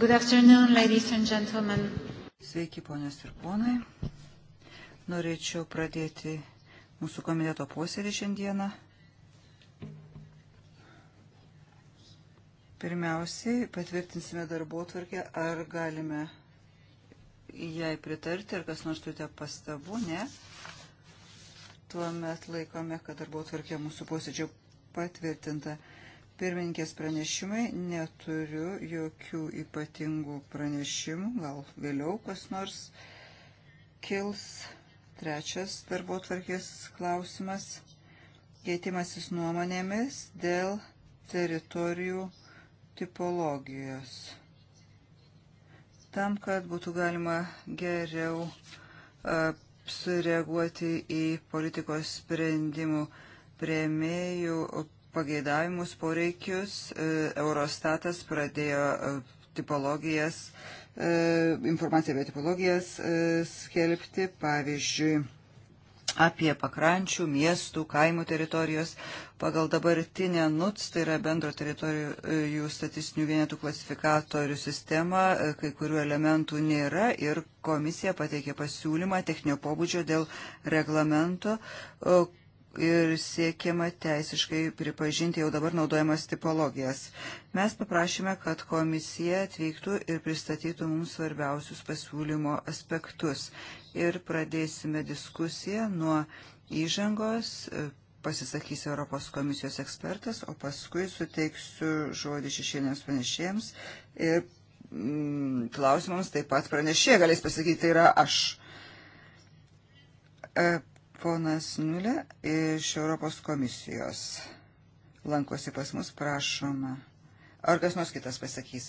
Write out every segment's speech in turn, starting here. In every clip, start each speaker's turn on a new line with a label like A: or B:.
A: Good afternoon, ladies and gentlemen. Sveiki, ponios ir ponai. Norėčiau pradėti mūsų komiteto posėdį šiandieną. Pirmiausiai patvirtinsime darbo tvarkę, ar galime jai pritarti, ar kas nors turite pastabų, ne. Tuomet laikome, kad darbo tvarkė mūsų posėdžio patvirtinta. Pirmininkės pranešimai, neturiu jokių ypatingų pranešimų, gal vėliau kas nors kils. Trečias darbo tvarkės klausimas - keitimasis nuomonėmis dėl teritorijų tipologijos. Tam, kad būtų galima geriau a, sureaguoti į politikos sprendimų prieimėjų pageidavimus, poreikius. E, Eurostatas pradėjo e, tipologijas, e, informaciją apie tipologijas skelbti, pavyzdžiui, apie pakrančių, miestų, kaimų teritorijos. Pagal dabartinę NUTS, tai yra bendro teritorijų statistinių vienetų klasifikatorių sistema, kai kurių elementų nėra ir komisija pateikė pasiūlymą techninio pobūdžio dėl reglamento, ir siekiama teisiškai pripažinti jau dabar naudojamas tipologijas. Mes paprašėme, kad komisija atvyktų ir pristatytų mums svarbiausius pasiūlymo aspektus. Ir pradėsime diskusiją nuo įžangos, pasisakys Europos komisijos ekspertas, o paskui suteiksiu žodį šešieniams pranešėjams ir mm, klausimams taip pat pranešė, galės pasakyti, tai yra aš. E, Ponas Nulė iš Europos komisijos lankosi pas mus, prašoma. Ar kas nors kitas pasakys?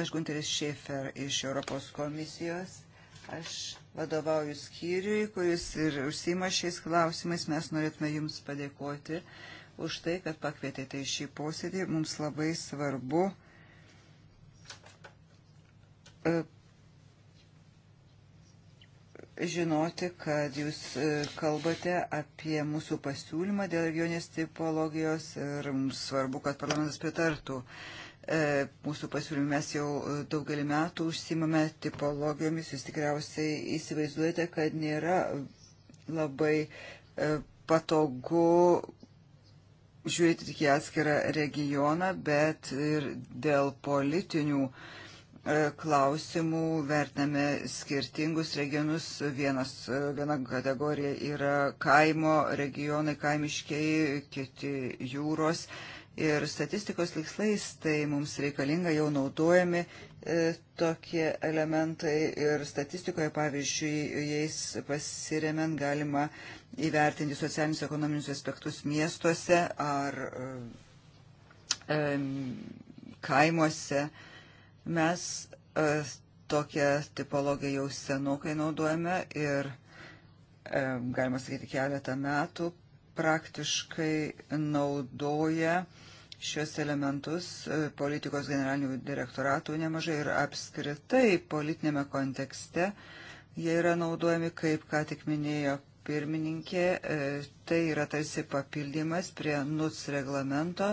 A: Aš Gunteris Šefer iš Europos komisijos. Aš vadovauju skyriui, kuris ir užsima šiais klausimais. Mes norėtume Jums padėkoti už tai, kad pakvietėte į šį posėdį. Mums labai svarbu e, žinoti, kad jūs e, kalbate apie mūsų pasiūlymą dėl regionės tipologijos ir mums svarbu, kad parlamentas pritartų e, mūsų pasiūlymų. Mes jau e, daugelį metų užsimame tipologijomis, jūs tikriausiai įsivaizduojate, kad nėra labai patogu žiūrėti tik į atskirą regioną, bet ir dėl politinių uh, E, klausimų, vertiname skirtingus regionus. Vienas, e, viena kategorija yra kaimo regionai, kaimiškiai, kiti jūros. Ir statistikos tikslais tai mums reikalinga, jau naudojami e, tokie elementai ir statistikoje, pavyzdžiui, jais pasiremiant galima įvertinti socialinius ekonominius aspektus miestuose ar e, e, kaimuose. E, Mes e, tokią tipologiją jau senokai naudojame ir, e, galima sakyti, keletą metų praktiškai naudoja šios elementus e, politikos generalinių direktoratų nemažai ir apskritai politinėme kontekste jie yra naudojami, kaip ką tik minėjo pirmininkė, tai yra tarsi papildymas prie NUTS reglamento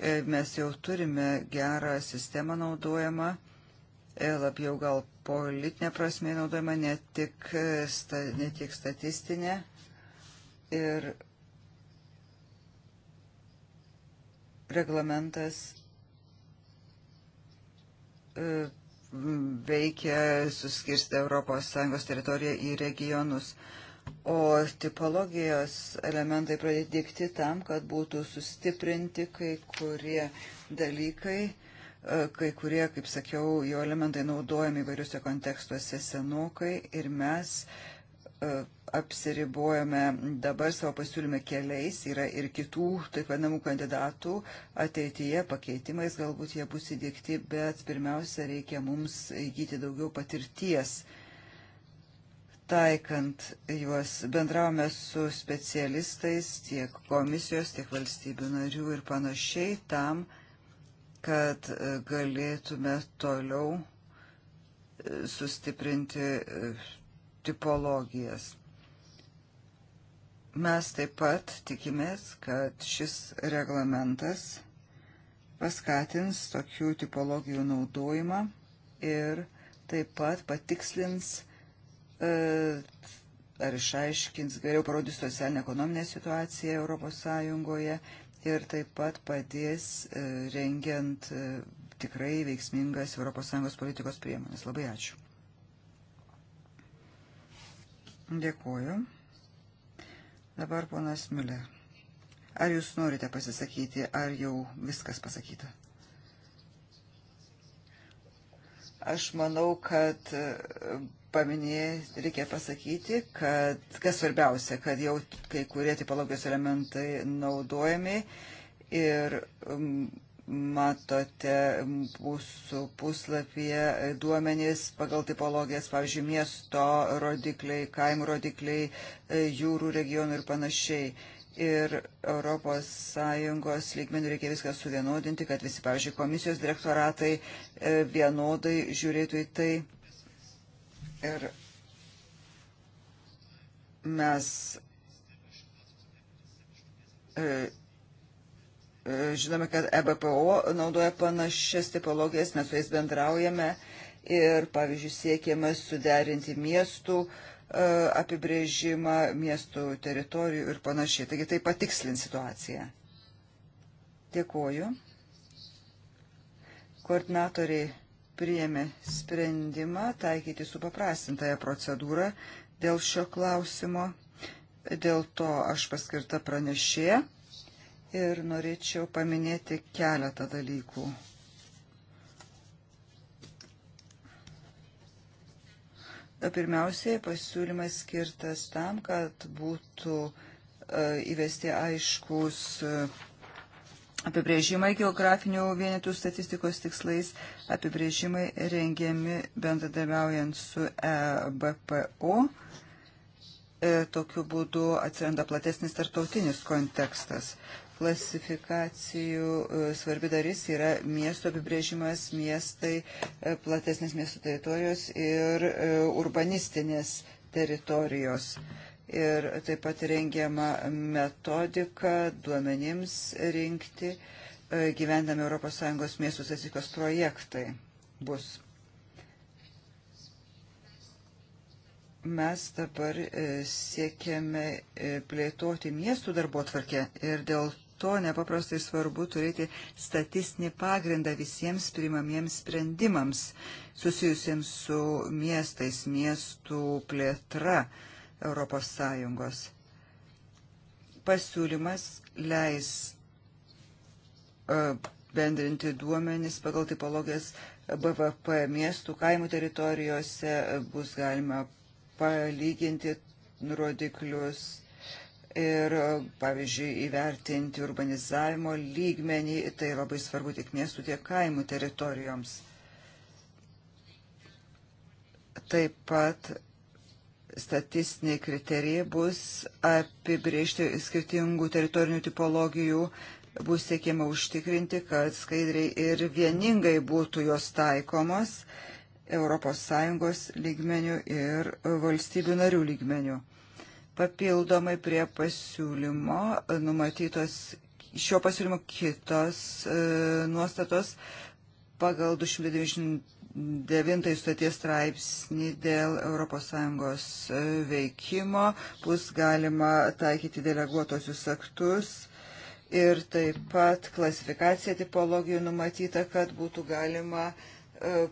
A: E, mes jau turime gerą sistemą naudojamą, e, labiau gal politinė prasme naudojama, ne tik, e, ne tik statistinė. Ir reglamentas veikia suskirsti ES teritoriją į regionus. O tipologijos elementai pradėti dėkti tam, kad būtų sustiprinti kai kurie dalykai, e, kai kurie, kaip sakiau, jo elementai naudojami įvairiuose kontekstuose senokai ir mes e, apsiribojame dabar savo pasiūlyme keliais, yra ir kitų taip vadinamų kandidatų, ateityje pakeitimais galbūt jie bus įdėkti, bet pirmiausia reikia mums įgyti daugiau patirties taikant juos. Bendravome su specialistais tiek komisijos, tiek valstybių narių ir panašiai tam, kad e, galėtume toliau e, sustiprinti e, tipologijas. Mes taip pat tikimės, kad šis reglamentas paskatins tokių tipologijų naudojimą ir taip pat patikslins E, ar išaiškins, geriau parodys socialinę ekonominę situaciją Europos Sąjungoje ir taip pat padės e, rengiant e, tikrai veiksmingas Europos Sąjungos politikos priemonės. Labai ačiū. Dėkuoju. Dabar ponas Miller. Ar jūs norite pasisakyti, ar jau viskas pasakyta? Aš manau, kad paminėjai, reikia pasakyti, kad kas svarbiausia, kad jau kai kurie tipologijos elementai naudojami ir matote mūsų puslapyje duomenys pagal tipologijas, pavyzdžiui, miesto rodikliai, kaimų rodikliai, e, jūrų regionų ir panašiai ir ES lygmenių reikia viską suvienodinti, kad visi, pavyzdžiui, komisijos direktoratai e, vienodai žiūrėtų į tai. Ir mes e, e, žinome, kad EBPO naudoja panašias tipologijas, mes su jais bendraujame ir, pavyzdžiui, siekiama suderinti miestų e, apibrėžimą, miestų teritorijų ir panašiai. Taigi tai patikslin situaciją. Dėkuoju. Koordinatoriai priėmė sprendimą taikyti supaprastintąją procedūrą dėl šio klausimo. Dėl to aš paskirta pranešė ir norėčiau paminėti keletą dalykų. Pirmiausiai pasiūlymas skirtas tam, kad būtų e, įvesti aiškus Apibrėžimai geografinių vienetų statistikos tikslais, apibrėžimai rengiami bendradarbiaujant su EBPO. E, tokiu būdu atsiranda platesnis tarptautinis kontekstas. Klasifikacijų e, svarbi dalis yra miesto apibrėžimas, miestai, e, platesnės miesto teritorijos ir urbanistinės teritorijos. Uh, ir taip pat rengiama metodika duomenims rinkti e, gyvendami ES miestų statistikos projektai bus. Mes dabar e, siekiame e, plėtoti miestų darbo tvarkę ir dėl to nepaprastai svarbu turėti statistinį pagrindą visiems primamiems sprendimams susijusiems su miestais, miestų plėtra. Uh, ES. Pasiūlymas leis e, bendrinti duomenis pagal tipologijas BVP miestų, kaimų teritorijose e, bus galima palyginti rodiklius ir, e, pavyzdžiui, įvertinti urbanizavimo lygmenį, tai labai svarbu tiek miestų, tiek kaimų teritorijoms. Taip pat statistiniai kriterijai bus apibriežti skirtingų teritorinių tipologijų, bus siekiama užtikrinti, kad skaidriai ir vieningai būtų jos taikomos ES lygmenių ir valstybių narių lygmenių. Papildomai prie pasiūlymo numatytos šio pasiūlymo kitos e, nuostatos pagal 290 devintąjį stoties straipsnį dėl ES e, veikimo, bus galima taikyti deleguotosius aktus ir taip pat klasifikacija tipologijų numatyta, kad būtų galima uh,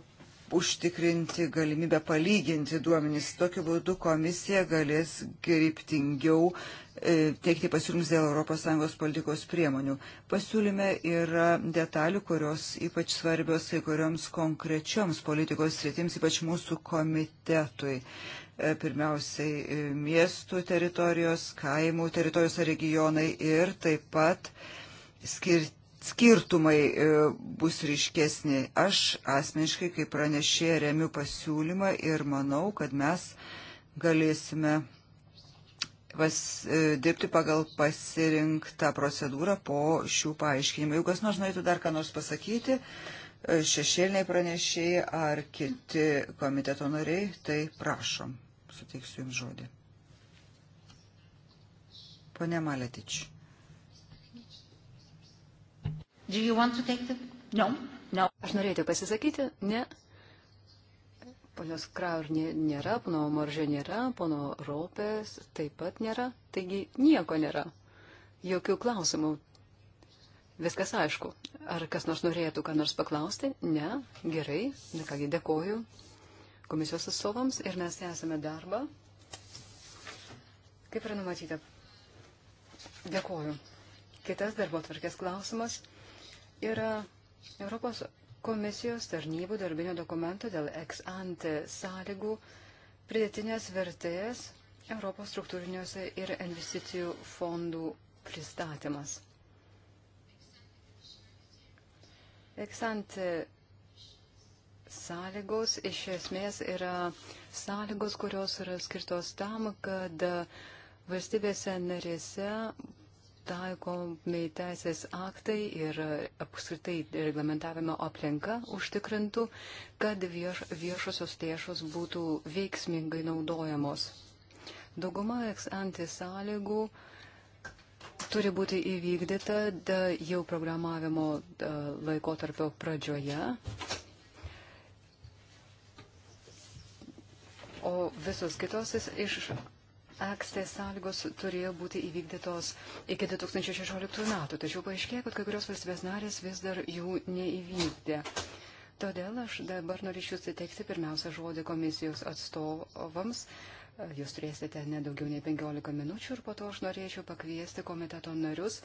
A: užtikrinti galimybę palyginti duomenys. Tokiu būdu komisija galės kryptingiau uh, E, teikti pasiūlymus dėl ES politikos priemonių. Pasiūlyme yra detalių, kurios ypač svarbios kai kurioms konkrečioms politikos sritims, ypač mūsų komitetui. E, pirmiausiai e, miestų teritorijos, kaimų teritorijos ar regionai ir taip pat skirti. Skirtumai bus ryškesni. Aš asmeniškai, kaip pranešė, remiu pasiūlymą ir manau, kad mes galėsime vas, e, dirbti pagal pasirinktą procedūrą po šių paaiškinimų. Jeigu kas nors norėtų dar ką nors pasakyti, e, šešėliniai pranešėjai ar kiti komiteto nariai, tai prašom, suteiksiu Jums žodį.
B: Pone Maletič. No, no. Aš norėčiau pasisakyti, ne, Ponios Kraur nėra, pono Moržė nėra, pono Ropės taip pat nėra, taigi nieko nėra. Jokių klausimų. Viskas aišku. Ar kas nors norėtų ką nors paklausti? Ne. Gerai. Na kągi, dėkoju komisijos atstovams ir mes tęsime darbą. Kaip yra numatyta? Dėkoju. Kitas darbo tvarkės klausimas yra Europos komisijos tarnybų darbinio dokumento dėl ex ante sąlygų pridėtinės vertės Europos struktūriniuose ir investicijų fondų pristatymas. Ex ante sąlygos iš esmės yra sąlygos, kurios yra skirtos tam, kad valstybėse narėse taikomi teisės aktai ir apskritai reglamentavimo aplinka užtikrintų, kad vieš, viešosios lėšos būtų veiksmingai naudojamos. Dauguma ex-ante sąlygų turi būti įvykdyta da, jau programavimo da, laikotarpio pradžioje. O visos kitos iš akstės sąlygos turėjo būti įvykdytos iki 2016 metų, tačiau paaiškėjo, kad kai kurios valstybės narės vis dar jų neįvykdė. Todėl aš dabar norėčiau suteikti pirmiausia žodį komisijos atstovams. Jūs turėsite nedaugiau nei 15 minučių ir po to aš norėčiau pakviesti komiteto narius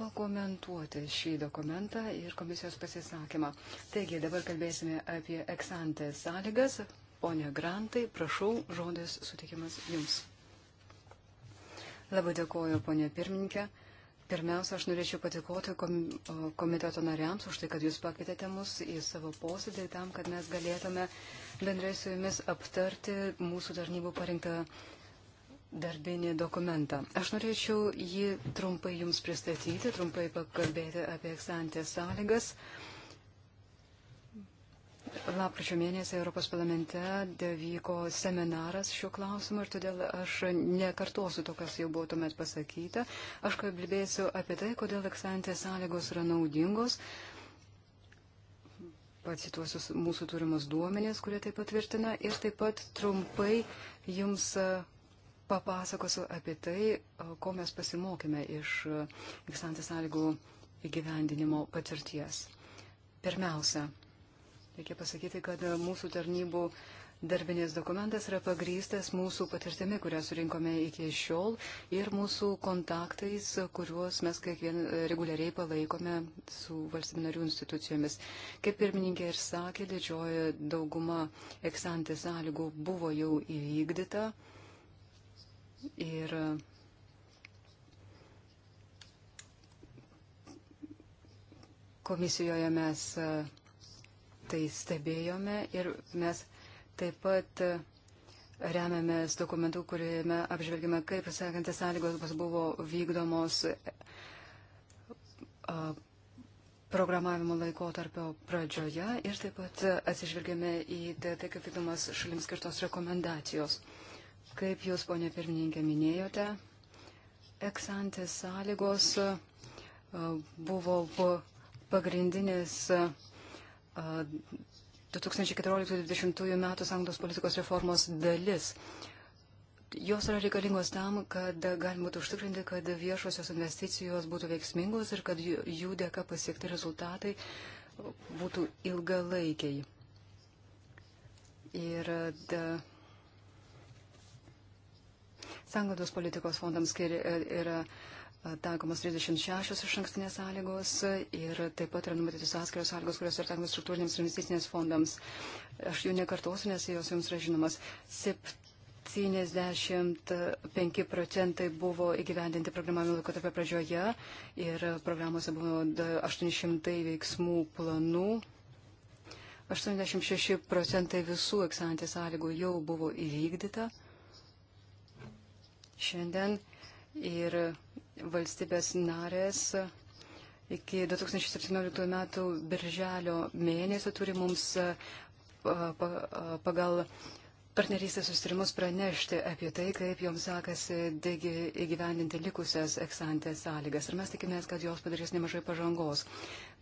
B: pakomentuoti šį dokumentą ir komisijos pasisakymą. Taigi, dabar kalbėsime apie eksantės sąlygas. Pone Grantai, prašau, žodis sutikimas jums. Labai dėkoju, ponė pirmininkė. Pirmiausia, aš norėčiau patikoti komiteto nariams už tai, kad jūs pakvietėte mus į savo posėdį tam, kad mes galėtume bendrai su jumis aptarti mūsų tarnybų parinktą darbinį dokumentą. Aš norėčiau jį trumpai jums pristatyti, trumpai pakalbėti apie eksantės sąlygas. Uh, Lapkričio mėnesį Europos parlamente vyko seminaras šiuo klausimu ir todėl aš nekartosiu to, kas jau buvo tuomet pasakyta. Aš kalbėsiu apie tai, kodėl eksantės sąlygos yra naudingos. Pacituosiu mūsų turimus duomenės, kurie tai patvirtina ir taip pat trumpai jums papasakosiu apie tai, ko mes pasimokėme iš eksantės sąlygų įgyvendinimo patirties. Pirmiausia, Reikia pasakyti, kad mūsų tarnybų darbinės dokumentas yra pagrystas mūsų patirtimi, kurią surinkome iki šiol ir mūsų kontaktais, kuriuos mes kiekvien reguliariai palaikome su valstybinarių institucijomis. Kaip pirmininkė ir sakė, didžioji dauguma eksantės sąlygų buvo jau įvykdyta. Ir komisijoje mes. Uh, tai stebėjome ir mes taip pat e, remiamės dokumentų, kuriame apžvelgime, kaip sekantys sąlygos buvo vykdomos e, programavimo laikotarpio pradžioje ir taip pat atsižvelgėme į tai, tai, kaip vykdomas šalims skirtos rekomendacijos. Kaip jūs, ponė pirmininkė, minėjote, eksantės sąlygos e, buvo pagrindinis 2014-2020 metų sąjungos politikos reformos dalis. Jos yra reikalingos tam, kad galima būtų užtikrinti, kad viešosios investicijos būtų veiksmingos ir kad jų dėka pasiekti rezultatai būtų ilgalaikiai. Ir da, Sangados politikos fondams e, yra taikomos 36 iš ankstinės sąlygos ir taip pat yra numatytos atskiros sąlygos, kurios yra taikomos struktūrinėms ir investicinėms fondams. Aš jų nekartosiu, nes jos jums yra žinomas. 75 procentai buvo įgyvendinti programavimo laikotarpio pradžioje ir programuose buvo 800 veiksmų planų. 86 procentai visų eksantės sąlygų jau buvo įvykdyta. Šiandien ir valstybės narės iki 2017 metų birželio mėnesio turi mums pagal partnerystės sustarimus pranešti apie tai, kaip joms sekasi įgyvendinti likusias eksantės sąlygas. Ir mes tikimės, kad jos padarys nemažai pažangos.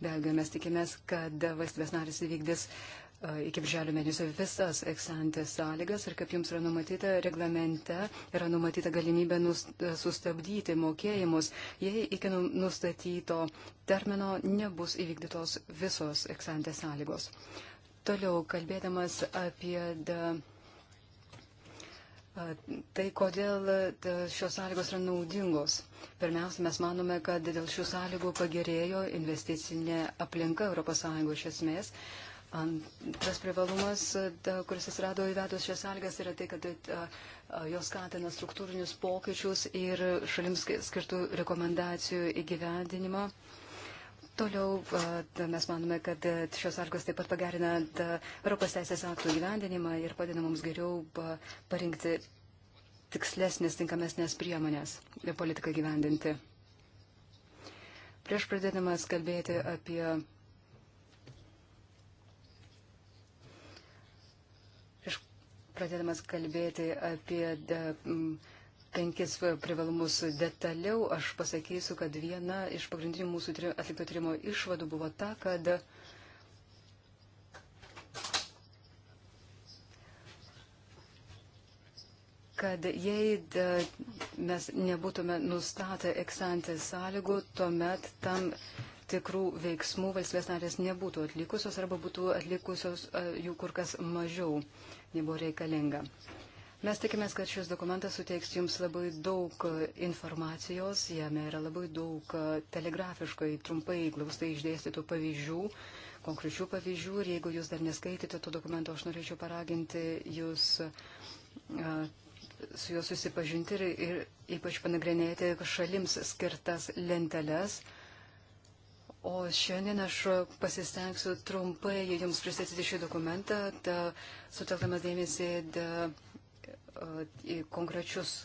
B: Belgijoje mes tikimės, kad valstybės narės įvykdys uh, E, iki birželio mėnesio visas eksantės sąlygas ir kaip jums yra numatyta reglamente, yra numatyta galimybė nus, e, sustabdyti mokėjimus, jei iki nu, nustatyto termino nebus įvykdytos visos eksantės sąlygos. Toliau kalbėdamas apie da, Tai kodėl šios sąlygos yra naudingos? Pirmiausia, mes manome, kad dėl šių sąlygų pagerėjo investicinė aplinka ES iš esmės. Antras privalumas, kuris atsirado įvedus šias sąlygas, yra tai, kad jos skatina struktūrinius pokyčius ir šalims skirtų rekomendacijų įgyvendinimą. Toliau mes manome, kad šios sąlygos taip pat pagerina Europos teisės aktų įgyvendinimą ir padeda mums geriau parinkti tikslesnės, tinkamesnės priemonės politiką gyvendinti. Prieš pradėdamas kalbėti apie pradėdamas kalbėti apie de, m, penkis privalumus detaliau, aš pasakysiu, kad viena iš pagrindinių mūsų atlikto tyrimo išvadų buvo ta, kad kad jei da, mes nebūtume nustatę eksantės sąlygų, tuomet tam tikrų veiksmų valstybės narės nebūtų atlikusios arba būtų atlikusios jų kur kas mažiau nebuvo reikalinga. Mes tikimės, kad šis dokumentas suteiks jums labai daug informacijos, jame yra labai daug telegrafiškai, trumpai, glaustai išdėstytų pavyzdžių, konkrečių pavyzdžių ir jeigu jūs dar neskaitėte to dokumento, aš norėčiau paraginti jūs su juo susipažinti ir, ir ypač panagrinėti šalims skirtas lenteles O šiandien aš pasistengsiu trumpai jums pristatyti šį dokumentą, sutelkdamas dėmesį į konkrečius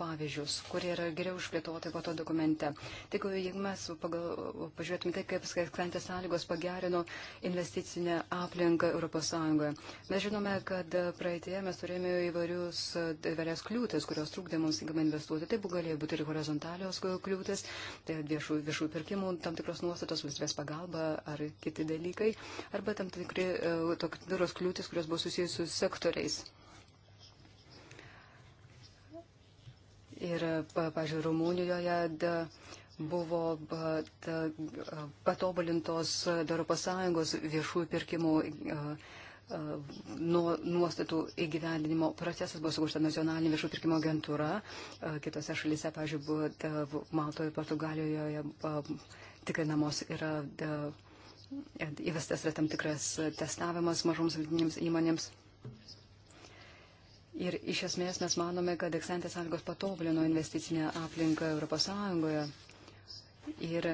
B: pavyzdžius, kurie yra geriau išplėtoti po to dokumente. Tik jeigu mes pagal, pažiūrėtume tai, kaip skrantės sąlygos pagerino investicinę aplinką ES. Mes žinome, kad praeitėje mes turėjome įvairius, įvairias kliūtis, kurios trukdė mums tinkamai investuoti. Tai galėjo būti ir horizontalios kliūtis, tai viešų, viešų pirkimų tam tikros nuostatos, valstybės pagalba ar kiti dalykai, arba tam tikri e, tokios kliūtis, kurios buvo susijusios su sektoriais. Ir, pažiūrėjau, Rumunijoje da, buvo patobulintos ES viešųjų pirkimų nuostatų įgyvendinimo procesas buvo sukurta nacionalinė viešųjų pirkimo agentūra. Kitose šalyse, pažiūrėjau, Maltoje, Portugalijoje tikrinamos yra įvestas yra tam tikras testavimas mažoms vidinėms įmonėms. Ir iš esmės mes manome, kad eksantės sąlygos patobulino investicinę aplinką ES. Ir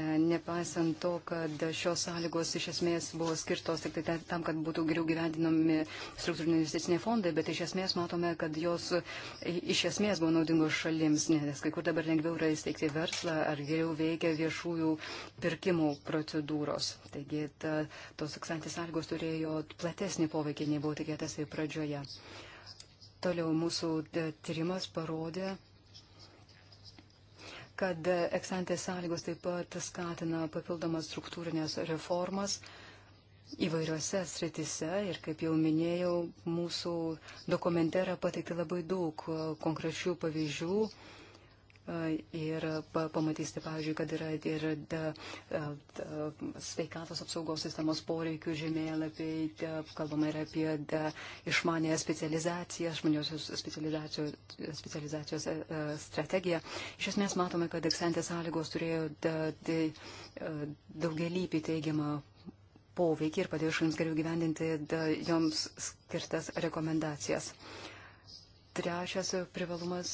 B: nepaisant to, kad šios sąlygos iš esmės buvo skirtos tik tai tam, kad būtų geriau gyvendinami struktūriniai investiciniai fondai, bet iš esmės matome, kad jos iš esmės buvo naudingos šalims, nes kai kur dabar lengviau yra įsteigti verslą ar geriau veikia viešųjų pirkimų procedūros. Taigi ta, tos aksantys sąlygos turėjo platesnį poveikį, nei buvo tikėtasi pradžioje. Toliau mūsų e, tyrimas parodė, kad eksantės sąlygos taip pat skatina papildomas struktūrinės reformas įvairiose sritise ir, kaip jau minėjau, mūsų dokumente yra pateikti labai daug konkrečių pavyzdžių ir pamatysite, pavyzdžiui, kad yra ir sveikatos apsaugos sistemos poreikių žemėlapiai, kalbama ir apie išmanę specializaciją, žmoniosios specializacijos, specializacijos e, e, strategiją. Iš esmės matome, kad eksantės sąlygos turėjo daugelįpį teigiamą poveikį ir padėjo šalims geriau gyvendinti joms skirtas rekomendacijas. Trečias privalumas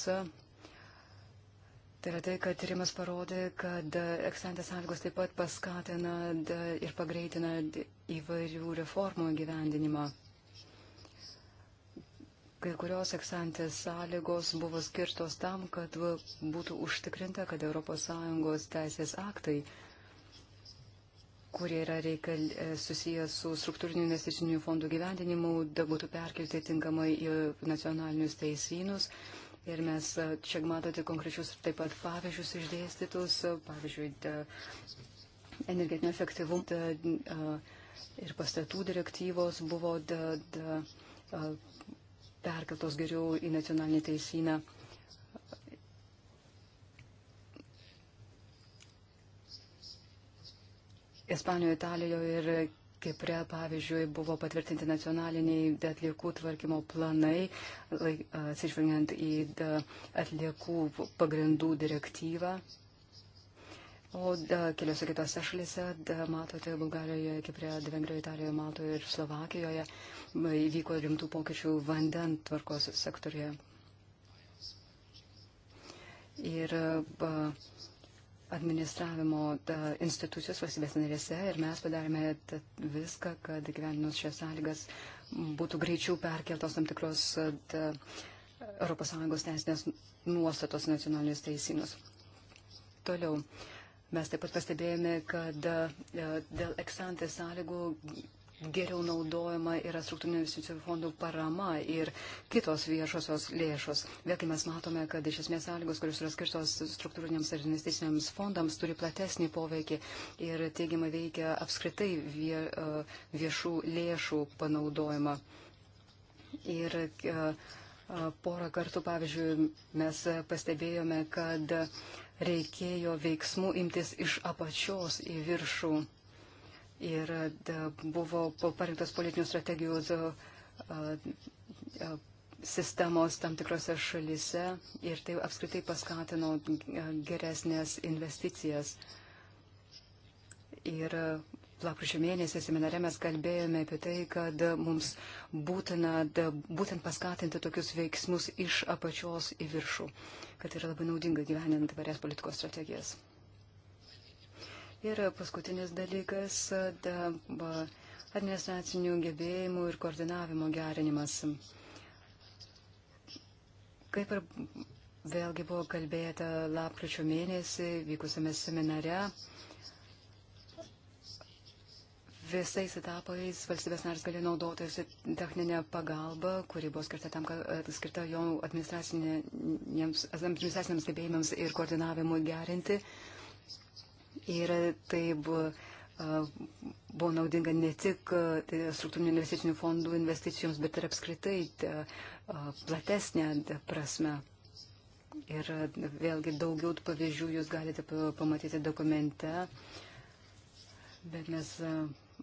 B: Tai yra tai, kad tyrimas parodė, kad ekstantės sąlygos taip pat paskatina ir pagreitina įvairių reformų gyvendinimą. Kai kurios ekstantės sąlygos buvo skirtos tam, kad būtų užtikrinta, kad ES teisės aktai, kurie yra reikal, e, susijęs su struktūrinių investicinių fondų gyvendinimu, būtų perkelti tinkamai į nacionalinius teisynus Ir mes čia matote konkrečius taip pat pavyzdžius išdėstytus, pavyzdžiui, energetinio efektyvumo ir pastatų direktyvos buvo da, da, perkeltos geriau į nacionalinį teisyną. Ispanijoje, Italijoje ir Kipre, pavyzdžiui, buvo patvirtinti nacionaliniai atliekų tvarkymo planai, atsižvelgiant į atliekų pagrindų direktyvą. O da, keliose kitose šalise, da, matote, Bulgarijoje, Kiprė, Vengrijoje, Italijoje, Maltoje ir Slovakijoje įvyko rimtų pokyčių vandentvarkos sektorėje. Ir ba, administravimo institucijos valstybės narėse ir mes padarėme viską, kad gyveninus šias sąlygas būtų greičiau perkeltos tam tikros ES teisinės nuostatos nacionalinius teisynus. Toliau. Mes taip pat pastebėjome, kad e, dėl eksantės sąlygų geriau naudojama yra struktūrinių investicijų fondų parama ir kitos viešosios lėšos. Vėlgi mes matome, kad iš esmės sąlygos, kurios yra skirtos struktūriniams ir investiciniams fondams, turi platesnį poveikį ir teigiamai veikia apskritai vie, e, viešų lėšų panaudojimą. Ir e, e, porą kartų, pavyzdžiui, mes pastebėjome, kad reikėjo veiksmų imtis iš apačios į viršų ir e, buvo parinktos politinių strategijų e, e, sistemos tam tikrose šalise ir tai apskritai paskatino geresnės investicijas. Ir lapkričio mėnesį seminare mes kalbėjome apie tai, kad mums būtina būtent paskatinti tokius veiksmus iš apačios į viršų, kad tai yra labai naudinga gyvenant tvarias politikos strategijas. Ir paskutinis dalykas - administracinių gebėjimų ir koordinavimo gerinimas. Kaip ir vėlgi buvo kalbėta lapkričio mėnesį vykusiame seminare, visais etapais valstybės narys gali naudotis techninę pagalbą, kuri buvo skirta, tam, kad, e, skirta jo administraciniams gebėjimams ir koordinavimui gerinti. Ir tai buvo, buvo naudinga ne tik tai struktūrinių investicinių fondų investicijoms, bet ir apskritai platesnė prasme. Ir vėlgi daugiau pavyzdžių jūs galite pamatyti dokumente, bet mes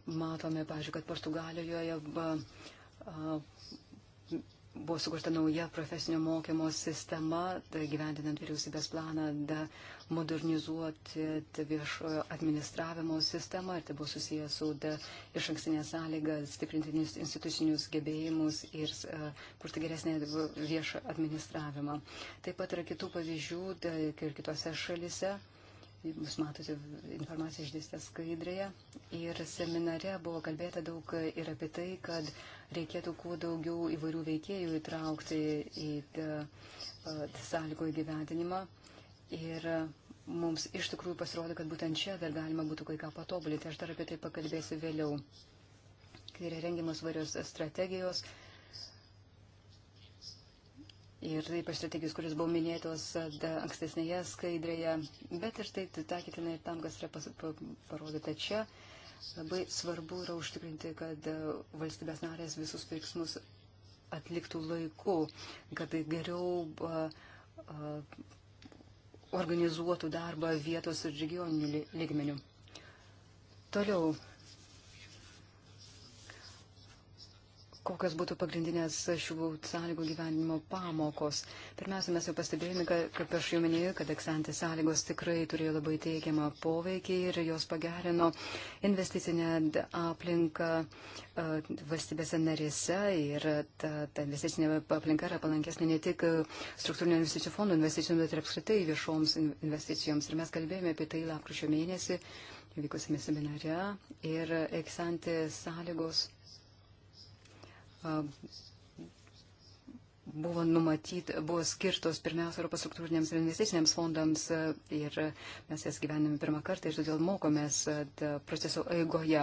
B: matome, pažiūrėjau, kad Portugalijoje buvo sukurta nauja profesinio mokymo sistema, tai gyvendinant vyriausybės planą da, modernizuoti viešojo administravimo sistemą ir tai buvo susijęs su da, iš ankstinė sąlyga stiprinti institucinius gebėjimus ir uh, kurti geresnį viešą administravimą. Taip pat yra kitų pavyzdžių da, ir kitose šalise. Uh, Jūs matote informaciją išdėstę skaidrėje. Ir seminare buvo kalbėta daug ir apie tai, kad reikėtų kuo daugiau įvairių veikėjų įtraukti į e, e, sąlygo įgyvendinimą. Ir mums iš tikrųjų pasirodė, kad būtent čia dar galima būtų kai ką patobulinti. Aš dar apie tai pakalbėsiu vėliau. Kai yra rengiamas varios strategijos, ir ypač strategijos, kuris buvo minėtos ankstesnėje skaidrėje, bet ir tai taikytina ir tam, kas yra pas, pa, parodyta čia. Labai svarbu yra užtikrinti, kad e, valstybės narės visus veiksmus atliktų laiku, kad tai geriau a, e, a, e, organizuotų darbą vietos ir regioninių lygmenių. Toliau kokios būtų pagrindinės šių sąlygų gyvenimo pamokos. Pirmiausia, mes jau pastebėjome, kad, kaip aš jau minėjau, kad eksantės sąlygos tikrai turėjo labai teigiamą poveikį ir jos pagerino investicinę aplinką valstybėse narėse ir ta, ta investicinė aplinka yra palankesnė ne tik struktūrinio investicijų fondų investicijoms, bet ir apskritai viešoms investicijoms. Ir mes kalbėjome apie tai lapkričio mėnesį vykusime seminare ir eksantės sąlygos buvo numatyt, buvo skirtos pirmiausia Europos struktūriniams ir investiciniams fondams ir mes jas gyvenime pirmą kartą ir todėl mokomės proceso eigoje.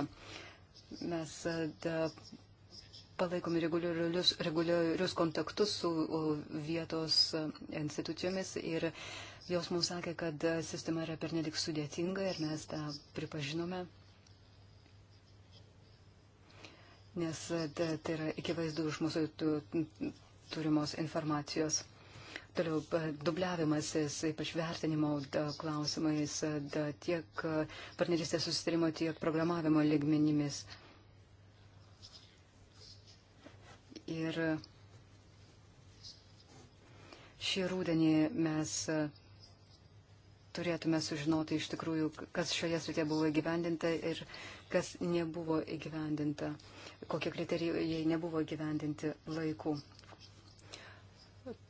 B: Mes palaikome reguliarius, reguliarius kontaktus su vietos institucijomis ir jos mums sakė, kad sistema yra pernelik sudėtinga ir mes tą pripažinome. nes e, tai, tai yra akivaizdu iš mūsų turimos informacijos. Toliau e, dubliavimasis, ypač vertinimo da, e, klausimais, da, tiek partnerystės susitarimo, tiek programavimo ligmenimis. Ir šį rūdienį mes turėtume sužinoti iš tikrųjų, kas šioje srityje buvo įgyvendinta ir uh, kas nebuvo įgyvendinta, kokie kriterijai nebuvo įgyvendinti laiku.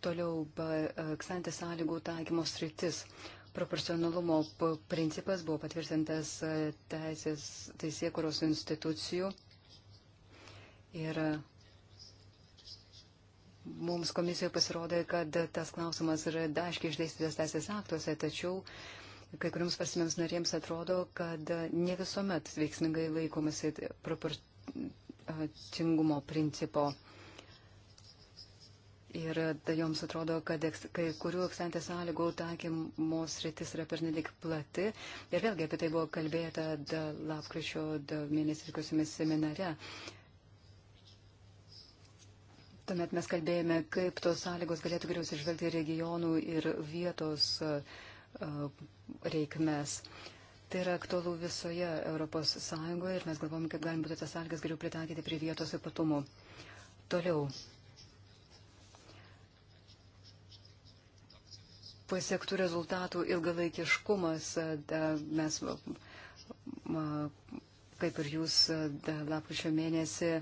B: Toliau, e, ksantė sąlygų taikymo sritis proporcionalumo principas buvo patvirtintas e, teisės, teisėkuros institucijų ir e, mums komisijoje pasirodė, kad tas klausimas yra daškiai išdėstytas teisės aktuose, tačiau uh, Kai kuriams prasmėms narėms atrodo, kad ne visuomet veiksmingai laikomasi proporcingumo principo. Ir tai joms atrodo, kad kai kurių ekstantės sąlygų taikymos rytis yra pernelik plati. Ir vėlgi apie tai buvo kalbėta lapkričio mėnesį vykusiame seminare. Tuomet mes kalbėjome, kaip tos sąlygos galėtų geriausiai išvelgti regionų ir vietos uh, reikmes. Tai yra aktualu visoje ES ir mes galvom, kaip galim būtų tas sąlygas geriau pritaikyti prie vietos ypatumų. Toliau. Pasiektų rezultatų ilgalaikiškumas. Da, mes, ma, kaip ir jūs, lapkričio mėnesį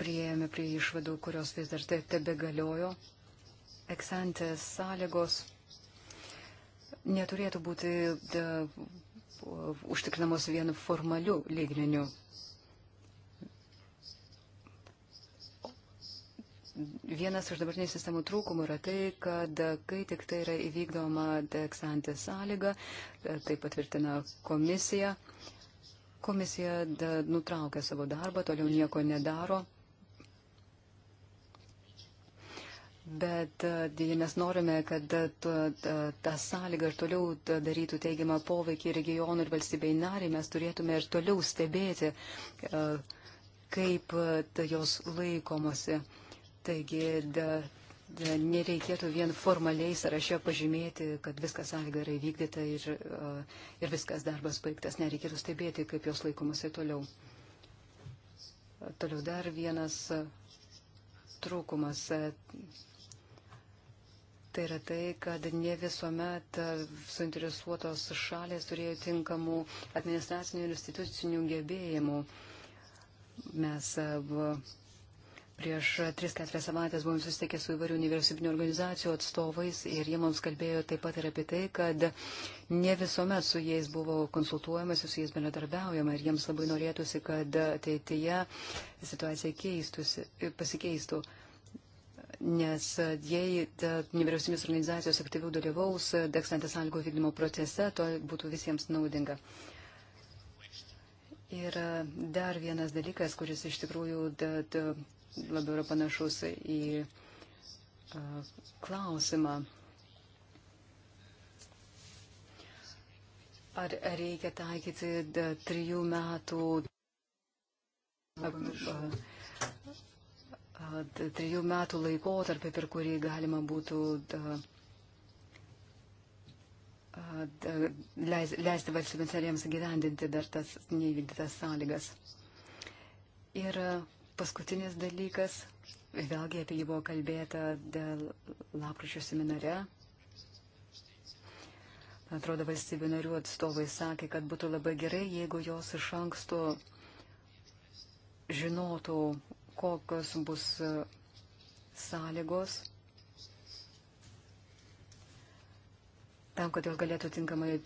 B: prieėmė prie išvadų, kurios vis dar tebe galiojo. Eksantės sąlygos neturėtų būti da, užtikrinamos vien formalių lygmenių. Vienas iš dabartinių sistemų trūkumų yra tai, kad kai tik tai yra įvykdoma eksantė sąlyga, tai patvirtina komisija, komisija da, nutraukia savo darbą, toliau nieko nedaro Bet mes e, norime, kad e, e, ta sąlyga ir toliau darytų teigiamą poveikį regionų ir valstybei nariai. Mes turėtume ir toliau stebėti, kaip jos laikomasi. Taigi da, da, nereikėtų vien formaliai sąraše pažymėti, kad viskas sąlyga yra įvykdyta ir, ir viskas darbas baigtas. Nereikėtų stebėti, kaip jos laikomasi toliau. Toliau dar vienas trūkumas Tai yra tai, kad ne visuomet suinteresuotos šalės turėjo tinkamų administracinių ir institucinių gebėjimų. Mes e, prieš 3-4 savaitės buvome susitikę su įvairių universitinių organizacijų atstovais ir jie mums kalbėjo taip pat ir apie tai, kad ne visuomet su jais buvo konsultuojamas, su jais bendradarbiaujama ir jiems labai norėtųsi, kad ateityje situacija keistusi, pasikeistų nes e, jei nevyriausybės organizacijos aktyviau dalyvaus e, dekstantės sąlygų vykdymo procese, to būtų visiems naudinga. Ir e, dar vienas dalykas, kuris iš tikrųjų da, da, labiau yra panašus į a, klausimą. Ar reikia taikyti da, trijų metų. A, a, trijų metų laikotarpį, per kurį galima būtų leisti valstybėms narėms gyvendinti dar tas neįvykdytas sąlygas. Ir paskutinis dalykas, vėlgi apie jį buvo kalbėta dėl lapkričio seminare. Atrodo, valstybių narių atstovai sakė, kad būtų labai gerai, jeigu jos iš anksto žinotų, kokios bus e, sąlygos tam, kad jos galėtų tinkamai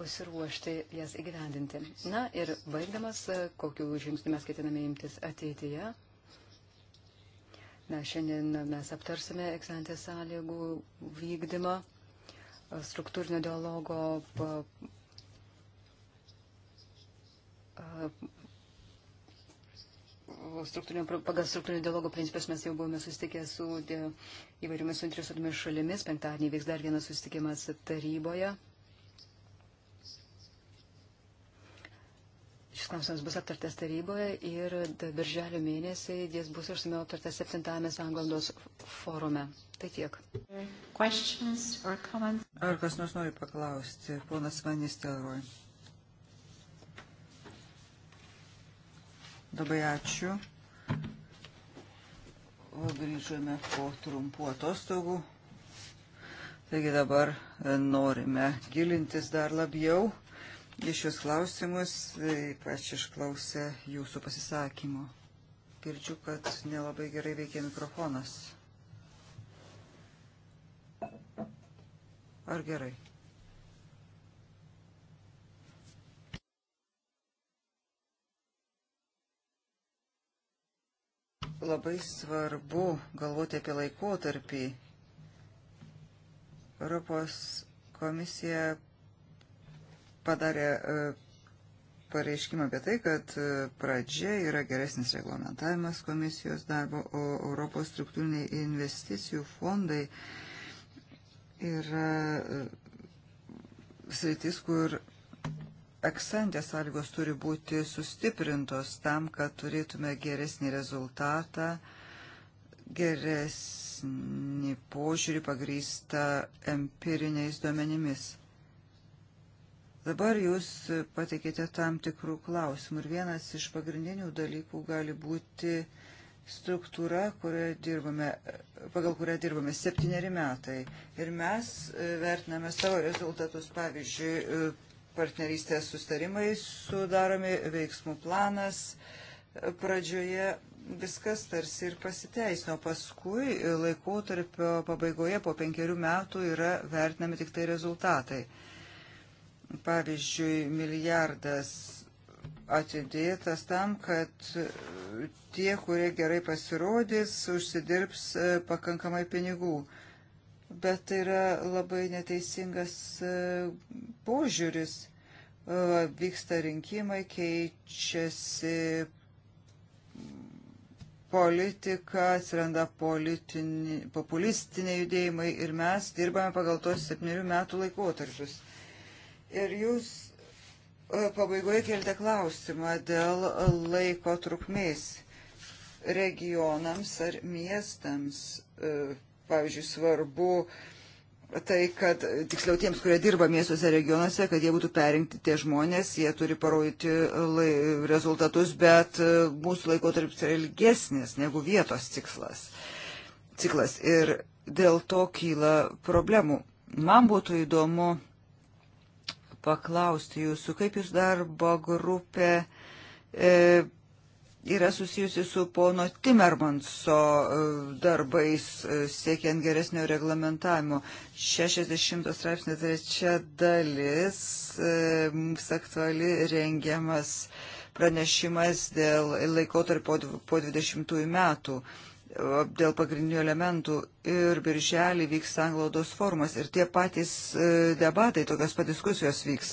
B: pasiruošti jas įgyvendinti. Na ir baigdamas, e, kokiu žingsniu mes ketiname imtis ateityje. Na, šiandien mes aptarsime eksantės sąlygų vykdymą, e, struktūrinio dialogo struktūrinio, pagal struktūrinio dialogo principės mes jau buvome susitikę su e, įvairiomis suinteresuotomis šalimis. Penktadienį vyks dar vienas susitikimas taryboje. Šis klausimas bus aptartas taryboje ir birželio mėnesį jis bus išsamiau aptartas 7-ame Anglandos forume. Tai tiek.
A: Ar kas nors nori paklausti? Ponas Vanis Telroj. Labai ačiū. O grįžome po trumpų atostogų. Taigi dabar e, norime gilintis dar labiau į šios klausimus, e, ypač išklausę jūsų pasisakymo. Girdžiu, kad nelabai gerai veikia mikrofonas. Ar gerai? Labai svarbu galvoti apie laikotarpį. Europos komisija padarė e, pareiškimą apie tai, kad e, pradžia yra geresnis reglamentavimas komisijos darbo, o Europos struktūriniai investicijų fondai yra e, sritis, kur eksantės sąlygos turi būti sustiprintos tam, kad turėtume geresnį rezultatą, geresnį požiūrį pagrįstą empiriniais duomenimis. Dabar jūs pateikėte tam tikrų klausimų ir vienas iš pagrindinių dalykų gali būti struktūra, dirbame, pagal kurią dirbame septyneri metai. Ir mes e, vertiname savo rezultatus, pavyzdžiui, partnerystės sustarimai sudaromi, veiksmų planas pradžioje viskas tarsi ir pasiteisino. Paskui laikotarpio pabaigoje po penkerių metų yra vertinami tik tai rezultatai. Pavyzdžiui, milijardas atidėtas tam, kad tie, kurie gerai pasirodys, užsidirbs e, pakankamai pinigų bet tai yra labai neteisingas e, požiūris. E, vyksta rinkimai, keičiasi politika, atsiranda populistiniai judėjimai ir mes dirbame pagal tos septynių metų laikotarpius. Ir jūs e, pabaigoje keltė klausimą dėl laiko trukmės regionams ar miestams pavyzdžiui, svarbu tai, kad tiksliau tiems, kurie dirba miestuose regionuose, kad jie būtų perinkti tie žmonės, jie turi parodyti lai, rezultatus, bet e, mūsų laikotarpis yra ilgesnis negu vietos tikslas. Ciklas ir dėl to kyla problemų. Man būtų įdomu paklausti jūsų, kaip jūs darbo grupė e, yra susijusi su pono Timermanso e, darbais e, siekiant geresnio reglamentavimo. 60 straipsnė trečia dalis e, mums aktuali rengiamas pranešimas dėl laikotarpio po 20 metų dėl pagrindinių elementų ir birželį vyks anglaudos formas ir tie patys debatai, tokios padiskusijos vyks.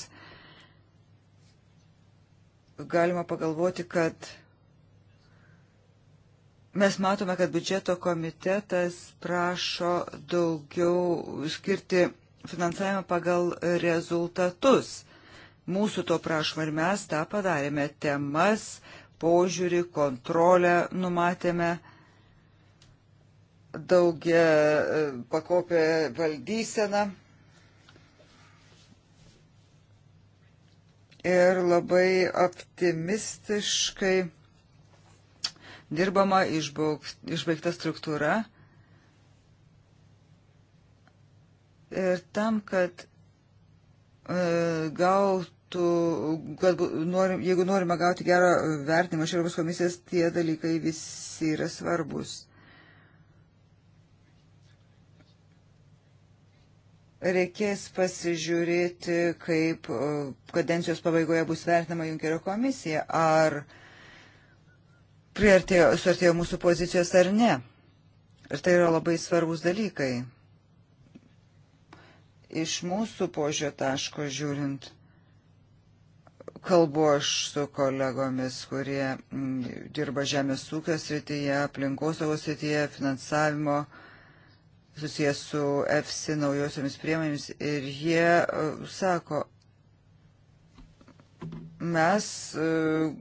A: Galima pagalvoti, kad Mes matome, kad biudžeto komitetas prašo daugiau skirti finansavimą pagal rezultatus. Mūsų to prašoma ir mes tą padarėme. Temas, požiūrį, kontrolę numatėme daugia e, pakopė valdyseną. Ir labai optimistiškai dirbama, išbaigta struktūra. Ir tam, kad e, gautų, kad norim, jeigu norime gauti gerą vertinimą iš Europos komisijos, tie dalykai visi yra svarbus. reikės pasižiūrėti, kaip kadencijos pabaigoje bus vertinama Junkerio komisija, ar priartėjo, suartėjo mūsų pozicijos ar ne. Ir tai yra labai svarbus dalykai. Iš mūsų požio taško žiūrint, kalbu aš su kolegomis, kurie dirba žemės ūkio srityje, aplinkosaugos srityje, finansavimo susijęs su EFSI naujosiomis priemonėmis ir jie uh, sako, mes uh,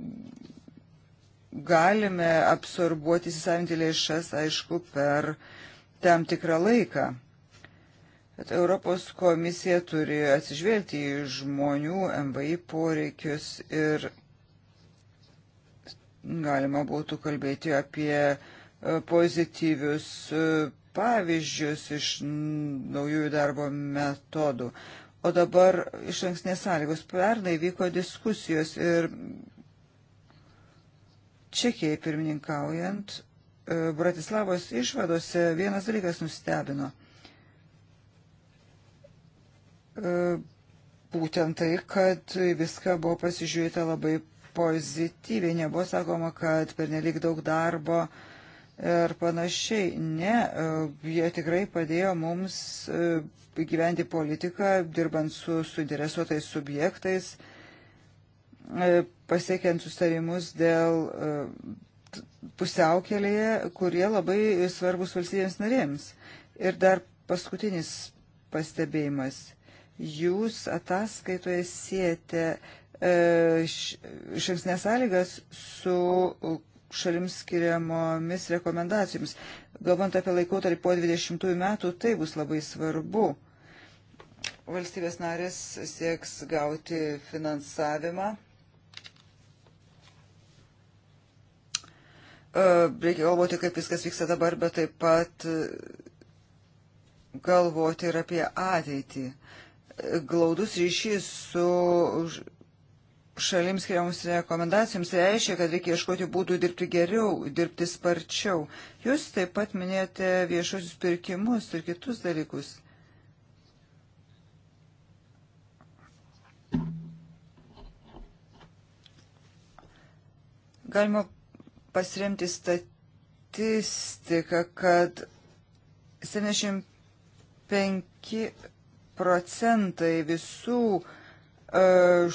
A: galime absorbuoti, įsisavinti lėšas, aišku, per tam tikrą laiką. Bet Europos komisija turi atsižvelgti į žmonių MVI poreikius ir galima būtų kalbėti apie e, pozityvius e, pavyzdžius iš naujųjų darbo metodų. O dabar iš anksnės sąlygos. Pernai vyko diskusijos ir Čekijai pirmininkaujant, e, Bratislavos išvadose vienas dalykas nustebino. E, būtent tai, kad viską buvo pasižiūrėta labai pozityviai, nebuvo sakoma, kad per nelik daug darbo ir panašiai. Ne, e, jie tikrai padėjo mums gyventi politiką, dirbant su suinteresuotais subjektais pasiekiant sustarimus dėl e, pusiaukelėje, kurie labai svarbus valstybėms narėms. Ir dar paskutinis pastebėjimas. Jūs ataskaitoje siete e, išankstinės sąlygas su šalims skiriamomis rekomendacijomis. Galvant apie laikotarpį po 20 metų, tai bus labai svarbu. Valstybės narės sieks gauti finansavimą Reikia galvoti, kaip viskas vyksta dabar, bet taip pat galvoti ir apie ateitį. Glaudus ryšys su šalims skiriamus rekomendacijoms reiškia, kad reikia ieškoti būdų dirbti geriau, dirbti sparčiau. Jūs taip pat minėjote viešuosius pirkimus ir kitus dalykus. Galima pasiremti statistiką, kad 75 procentai visų e,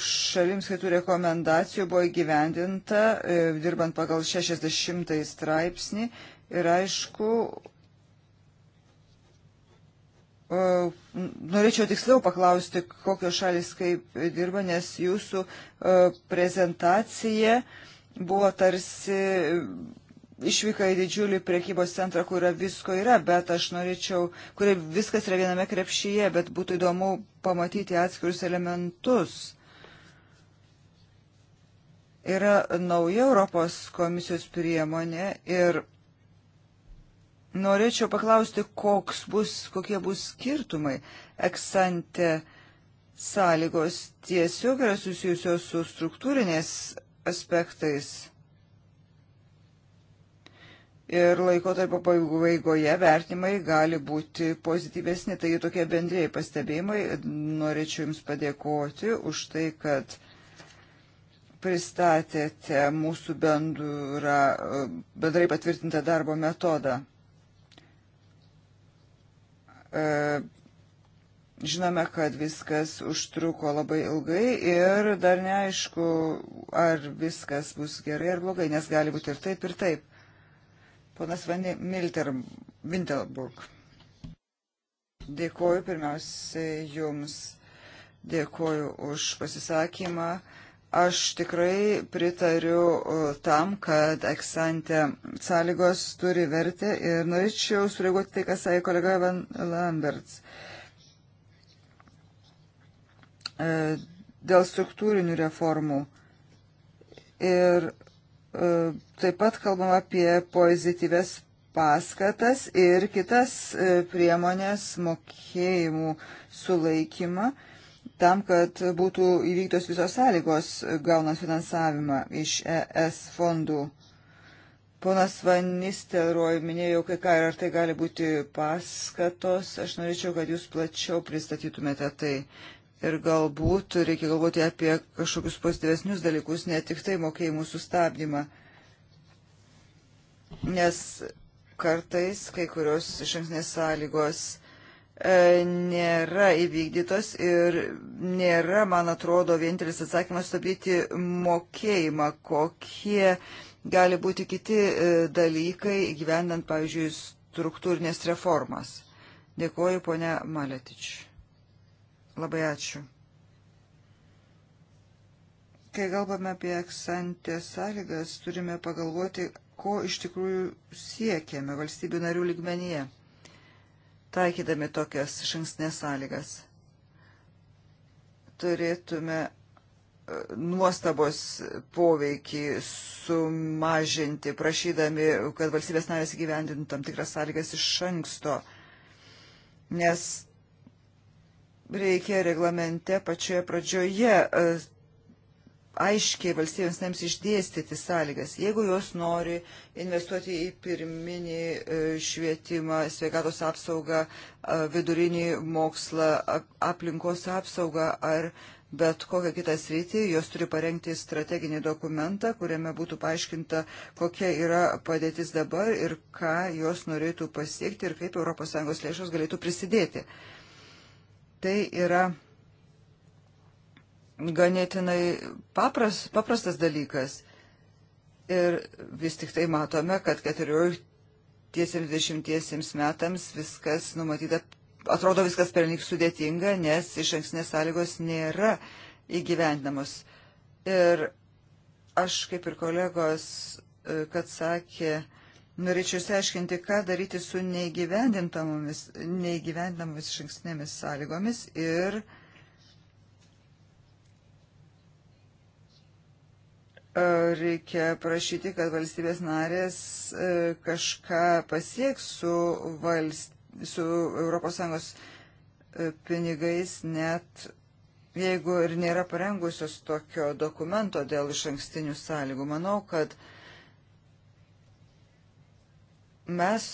A: šalims kitų rekomendacijų buvo įgyvendinta, e, dirbant pagal 60 straipsnį ir aišku, e, norėčiau tiksliau paklausti, kokios šalis kaip dirba, nes jūsų prezentacija uh, buvo tarsi e, išvyka į didžiulį priekybos centrą, kur visko yra, bet aš norėčiau, kur viskas yra viename krepšyje, bet būtų įdomu pamatyti atskirius elementus. Yra nauja Europos komisijos priemonė ir norėčiau paklausti, koks bus, kokie bus skirtumai. Eksante sąlygos tiesiog yra susijusios su struktūrinės aspektais. Ir laikotarpio pabaigoje vertimai gali būti pozityvesni. Tai tokie bendrėjai pastebėjimai. Norėčiau Jums padėkoti už tai, kad pristatėte mūsų bendrą, bendrai patvirtintą darbo metodą. E, Žinome, kad viskas užtruko labai ilgai ir dar neaišku, ar viskas bus gerai ar blogai, nes gali būti ir taip, ir taip. Ponas Vani Milter, Winterburg. Dėkoju pirmiausiai Jums, dėkoju už pasisakymą. Aš tikrai pritariu tam, kad eksante sąlygos turi vertę ir norėčiau sureaguoti tai, ką sakė kolega Van Lamberts. Uh, E, dėl struktūrinių reformų. Ir e, taip pat kalbam apie pozityves paskatas ir kitas e, priemonės mokėjimų sulaikymą tam, kad būtų įvyktos visos sąlygos gaunant finansavimą iš ES fondų. Ponas Vanisteroj minėjo, kai ką ir ar tai gali būti paskatos. Aš norėčiau, kad jūs plačiau pristatytumėte tai ir galbūt reikia galvoti apie kažkokius pozityvesnius dalykus, ne tik tai mokėjimų sustabdymą. Nes kartais kai kurios iš anksnės sąlygos e, nėra įvykdytos ir nėra, man atrodo, vienintelis atsakymas stabdyti mokėjimą, kokie gali būti kiti e, dalykai gyvendant, pavyzdžiui, struktūrinės reformas. Dėkuoju, ponia Maletič. Labai ačiū. Kai kalbame apie eksantės sąlygas, turime pagalvoti, ko iš tikrųjų siekėme valstybių narių ligmenyje, taikydami tokias žingsnės sąlygas. Turėtume e, nuostabos poveikį sumažinti, prašydami, kad valstybės narės gyvendintų tam tikras sąlygas iš anksto, nes reikia reglamente pačioje pradžioje e, aiškiai valstybėms nams išdėstyti sąlygas. Jeigu jos nori investuoti į pirminį e, švietimą, sveikatos apsaugą, e, vidurinį mokslą, aplinkos apsaugą ar bet kokią kitą sritį, jos turi parengti strateginį dokumentą, kuriame būtų paaiškinta, kokia yra padėtis dabar ir ką jos norėtų pasiekti ir kaip ES lėšos galėtų prisidėti. Uh, Tai yra ganėtinai papras, paprastas dalykas. Ir vis tik tai matome, kad 14-20 metams viskas numatyta, atrodo viskas pernik sudėtinga, nes iš anksnės sąlygos nėra įgyvendinamos. Ir aš kaip ir kolegos, e, kad sakė, Norėčiau išsiaiškinti, ką daryti su neįgyvendintamomis, neįgyvendinamomis iš ankstinėmis sąlygomis ir e, reikia prašyti, kad valstybės narės e, kažką pasieks su, valst, su ES e, pinigais net jeigu ir nėra parengusios tokio dokumento dėl iš ankstinių sąlygų. Manau, kad uh, Mes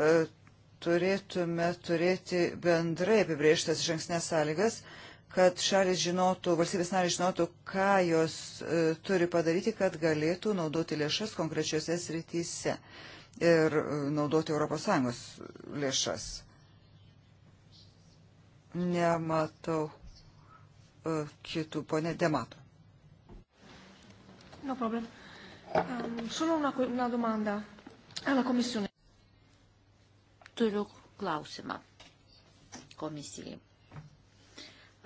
A: e, turėtume turėti bendrai apibrėžtas žingsnės sąlygas, kad šalis žinotų, valstybės narės žinotų, ką jos e, turi padaryti, kad galėtų naudoti lėšas konkrečiose srityse ir e, naudoti ES lėšas. Nematau e, kitų, ponė, demato.
B: No problem. Um, solo una, una domanda alla Commissione.
C: Turiu klausimą komisijai.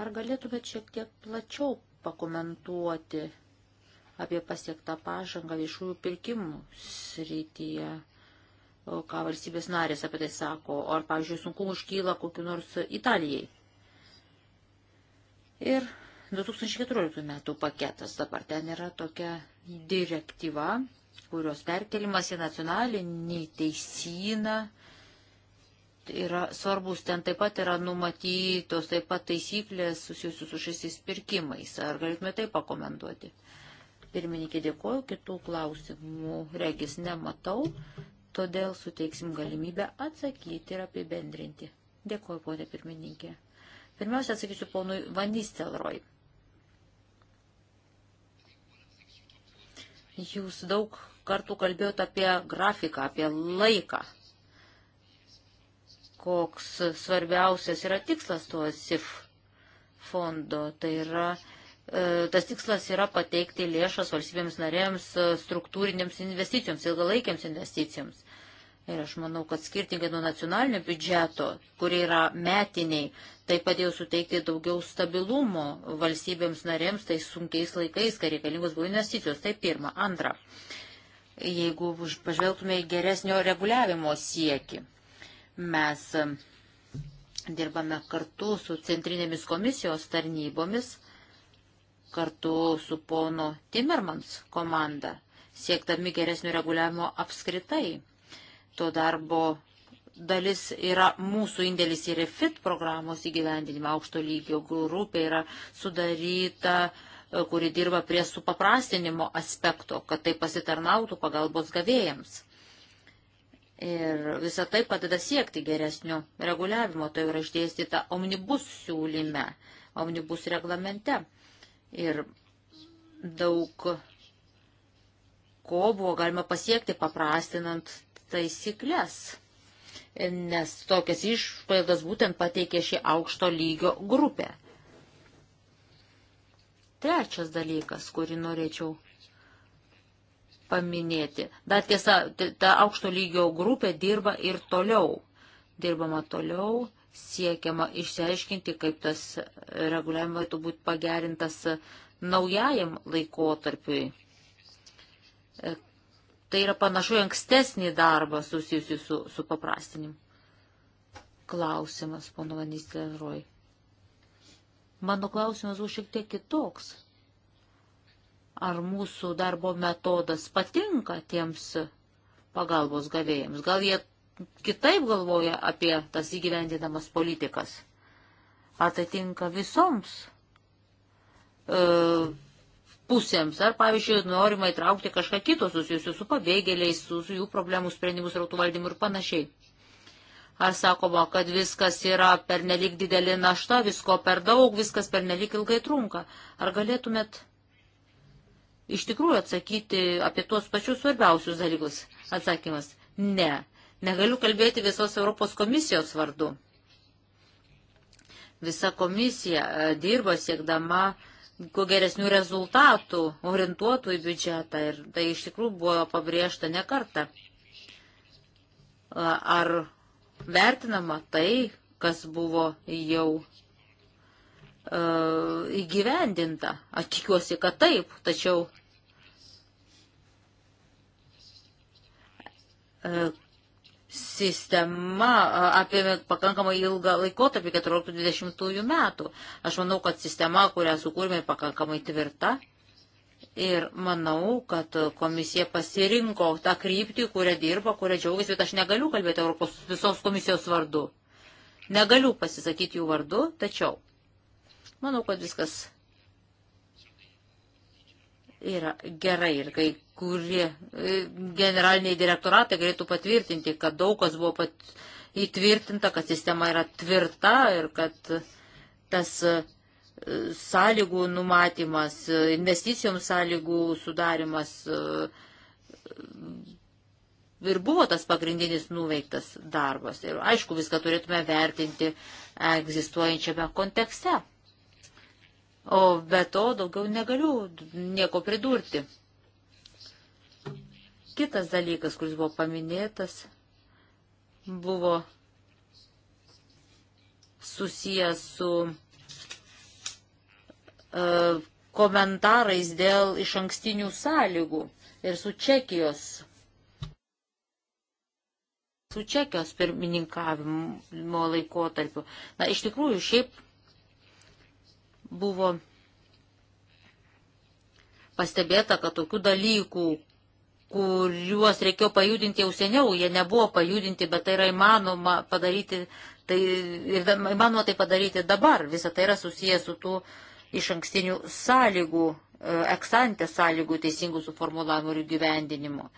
C: Ar galėtumėt šiek tiek plačiau pakomentuoti apie pasiektą pažangą viešųjų pirkimų srityje? ką valstybės narės apie tai sako, ar, pavyzdžiui, sunkumų iškyla kokiu nors Italijai. Ir 2014 metų paketas dabar ten yra tokia direktyva, kurios perkelimas į nacionalinį teisyną yra svarbus. Ten taip pat yra numatytos taip pat taisyklės susijusius su šiais pirkimais. Ar galėtume tai pakomentuoti? Pirmininkė dėkoju, kitų klausimų regis nematau, todėl suteiksim galimybę atsakyti ir apibendrinti. Dėkoju, ponė pirmininkė. Pirmiausia, atsakysiu ponui Vanistelroj. Jūs daug kartų kalbėjot apie grafiką, apie laiką. Koks svarbiausias yra tikslas tuo SIF fondo? Tai yra, e, tas tikslas yra pateikti lėšas valstybėms narėms e, struktūrinėms investicijoms, ilgalaikiams investicijoms. Ir aš manau, kad skirtingai nuo nacionalinio biudžeto, kurie yra metiniai, Tai padėjo suteikti daugiau stabilumo valstybėms narėms, tai sunkiais laikais, kai reikalingos buvo investicijos. Tai pirma. Antra, jeigu pažvelgtume į geresnio reguliavimo sieki, mes e, dirbame kartu su centrinėmis komisijos tarnybomis, kartu su pono Timmermans komanda, siektami geresnio reguliavimo apskritai. To darbo dalis yra mūsų indėlis į refit programos įgyvendinimą. Aukšto lygio grupė yra sudaryta, e, kuri dirba prie supaprastinimo aspekto, kad tai pasitarnautų pagalbos gavėjams. Ir visą tai padeda siekti geresnio reguliavimo, tai yra išdėstyta omnibus siūlyme, omnibus reglamente. Ir daug ko buvo galima pasiekti paprastinant taisyklės nes tokias išvadas būtent pateikė šį aukšto lygio grupę. Trečias dalykas, kurį norėčiau paminėti. Dar tiesa, ta aukšto lygio grupė dirba ir toliau. Dirbama toliau, siekiama išsiaiškinti, kaip tas reguliavimas turėtų būti pagerintas naujajam laikotarpiui Tai yra panašu ankstesnį darbą susijusiu su, su paprastinimu. Klausimas, pono Vanystė Roj. Mano klausimas buvo šiek tiek kitoks. Ar mūsų darbo metodas patinka tiems pagalbos gavėjams? Gal jie kitaip galvoja apie tas įgyvendinamas politikas? Ar tai tinka visoms? E, pusėms, ar, pavyzdžiui, norima įtraukti kažką kito susijusiu su pabėgėliais, su, su jų problemų sprendimus, rautų valdymu ir panašiai. Ar sakoma, kad viskas yra pernelik didelė našta, visko per daug, viskas pernelik ilgai trunka. Ar galėtumėt iš tikrųjų atsakyti apie tuos pačius svarbiausius dalykus? Atsakymas - ne. Negaliu kalbėti visos Europos komisijos vardu. Visa komisija e, dirba siekdama kuo geresnių rezultatų orientuotų į biudžetą ir tai iš tikrųjų buvo pabrėžta ne kartą. Ar vertinama tai, kas buvo jau uh, įgyvendinta? Aš tikiuosi, kad taip, tačiau uh, sistema apėmė pakankamai ilgą laikotarpį 14-20 metų. Aš manau, kad sistema, kurią sukūrėme, pakankamai tvirta. Ir manau, kad komisija pasirinko tą kryptį, kurią dirba, kurią džiaugiasi, bet aš negaliu kalbėti Europos visos komisijos vardu. Negaliu pasisakyti jų vardu, tačiau manau, kad viskas yra gerai ir kai kurie e, generaliniai direktoratai galėtų patvirtinti, kad daug kas buvo pat įtvirtinta, kad sistema yra tvirta ir kad tas e, sąlygų numatymas, e, investicijoms sąlygų sudarimas ir buvo tas pagrindinis nuveiktas darbas. Ir aišku, viską turėtume vertinti egzistuojančiame kontekste. O be to daugiau negaliu nieko pridurti. Kitas dalykas, kuris buvo paminėtas, buvo susijęs su e, komentarais dėl iš ankstinių sąlygų ir su Čekijos, su Čekijos pirmininkavimo laikotarpiu. Na, iš tikrųjų, šiaip buvo pastebėta, kad tokių dalykų, kuriuos reikėjo pajudinti jau seniau, jie nebuvo pajudinti, bet tai yra įmanoma padaryti, tai ir įmanoma tai padaryti dabar. Visa tai yra susijęs su tų iš ankstinių sąlygų, e, eksantė sąlygų teisingų suformulavimų ir gyvendinimo.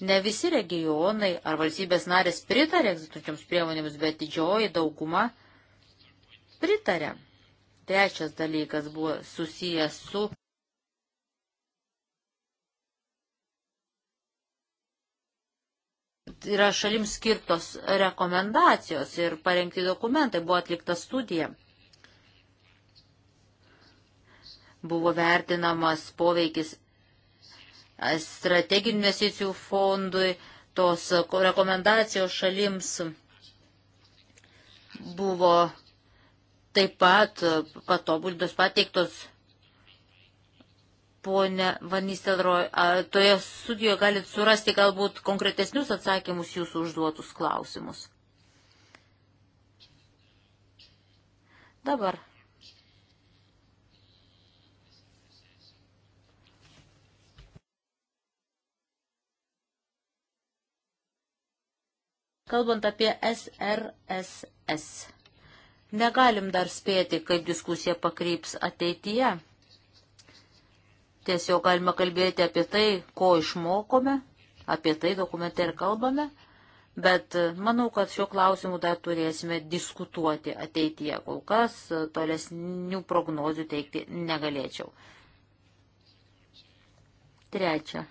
C: Ne visi regionai ar valstybės narės pritarė egzistuojančioms priemonėms, bet didžioji dauguma pritarė. Trečias dalykas buvo susijęs su yra šalims skirtos rekomendacijos ir parengti dokumentai, buvo atlikta studija. Buvo vertinamas poveikis strateginių investicijų fondui, tos rekomendacijos šalims buvo Taip pat e, patobuldos pateiktos ponė Vanistelroj, toje studijoje galit surasti galbūt konkretesnius atsakymus jūsų užduotus klausimus. Dabar. Kalbant apie SRSS. Negalim dar spėti, kaip diskusija pakryps ateityje. Tiesiog galima kalbėti apie tai, ko išmokome, apie tai dokumente ir kalbame, bet e, manau, kad šiuo klausimu dar turėsime diskutuoti ateityje. Kol kas e, tolesnių prognozių teikti negalėčiau. Trečia,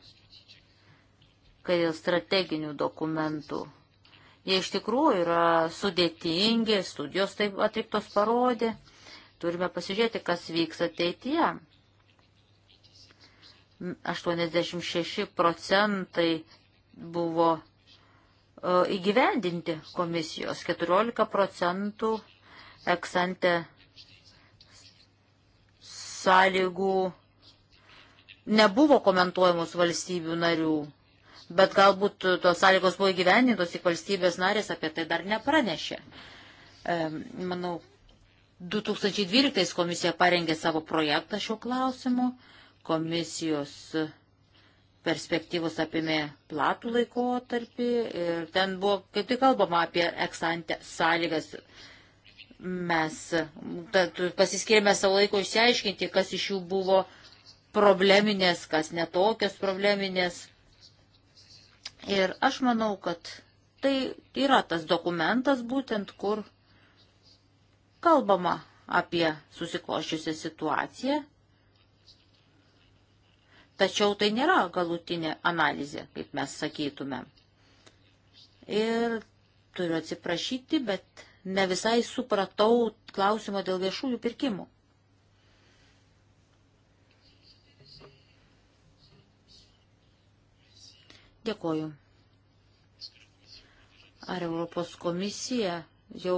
C: kai dėl strateginių dokumentų Jie iš tikrųjų yra sudėtingi, studijos taip atliktos parodė. Turime pasižiūrėti, kas vyks ateityje. 86 procentai buvo e, įgyvendinti komisijos, 14 procentų eksante sąlygų nebuvo komentuojamos valstybių narių bet galbūt tos sąlygos buvo įgyvenintos, tik valstybės narės apie tai dar nepranešė. Manau, 2012 komisija parengė savo projektą šiuo klausimu, komisijos perspektyvos apimė platų laikotarpį ir ten buvo, kaip tik kalbama apie eksantę sąlygas. Mes pasiskirėme savo laiko išsiaiškinti, kas iš jų buvo probleminės, kas netokios probleminės Ir aš manau, kad tai yra tas dokumentas būtent, kur kalbama apie susikloščiusią situaciją, tačiau tai nėra galutinė analizė, kaip mes sakytume. Ir turiu atsiprašyti, bet ne visai supratau klausimo dėl viešųjų pirkimų. Dėkoju. Ar Europos komisija jau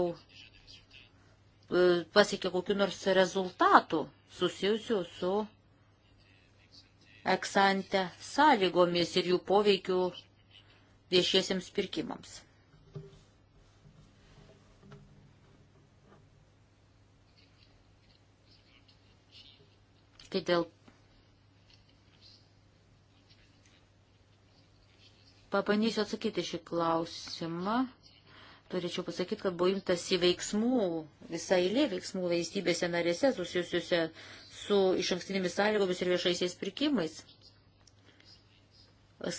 C: e, pasiekė kokiu nors rezultatų susijusių su eksante sąlygomis ir jų poveikiu viešiesiems pirkimams. Kai dėl Pabandysiu atsakyti šį klausimą. Turėčiau pasakyti, kad buvo imtas į veiksmų, visą eilę veiksmų valstybėse narėse susijusiuose su iš ankstinėmis sąlygomis ir viešaisiais pirkimais.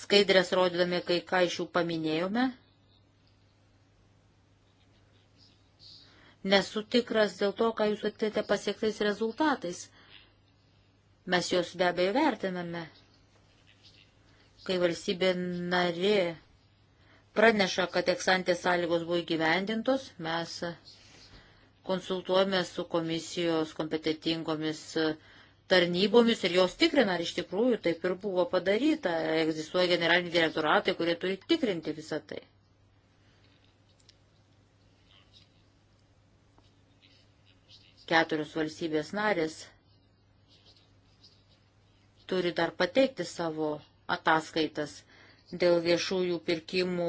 C: Skaidrės rodydami, kai ką iš jų paminėjome. Nesu tikras dėl to, ką jūs atėte pasiektais rezultatais. Mes juos be abejo vertiname kai valstybė nari praneša, kad eksantės sąlygos buvo įgyvendintos, mes konsultuojame su komisijos kompetitingomis tarnybomis ir jos tikrina, ar iš tikrųjų taip ir buvo padaryta. Egzistuoja generaliniai direktoratai, kurie turi tikrinti visą tai. Keturios valstybės narės turi dar pateikti savo ataskaitas dėl viešųjų pirkimų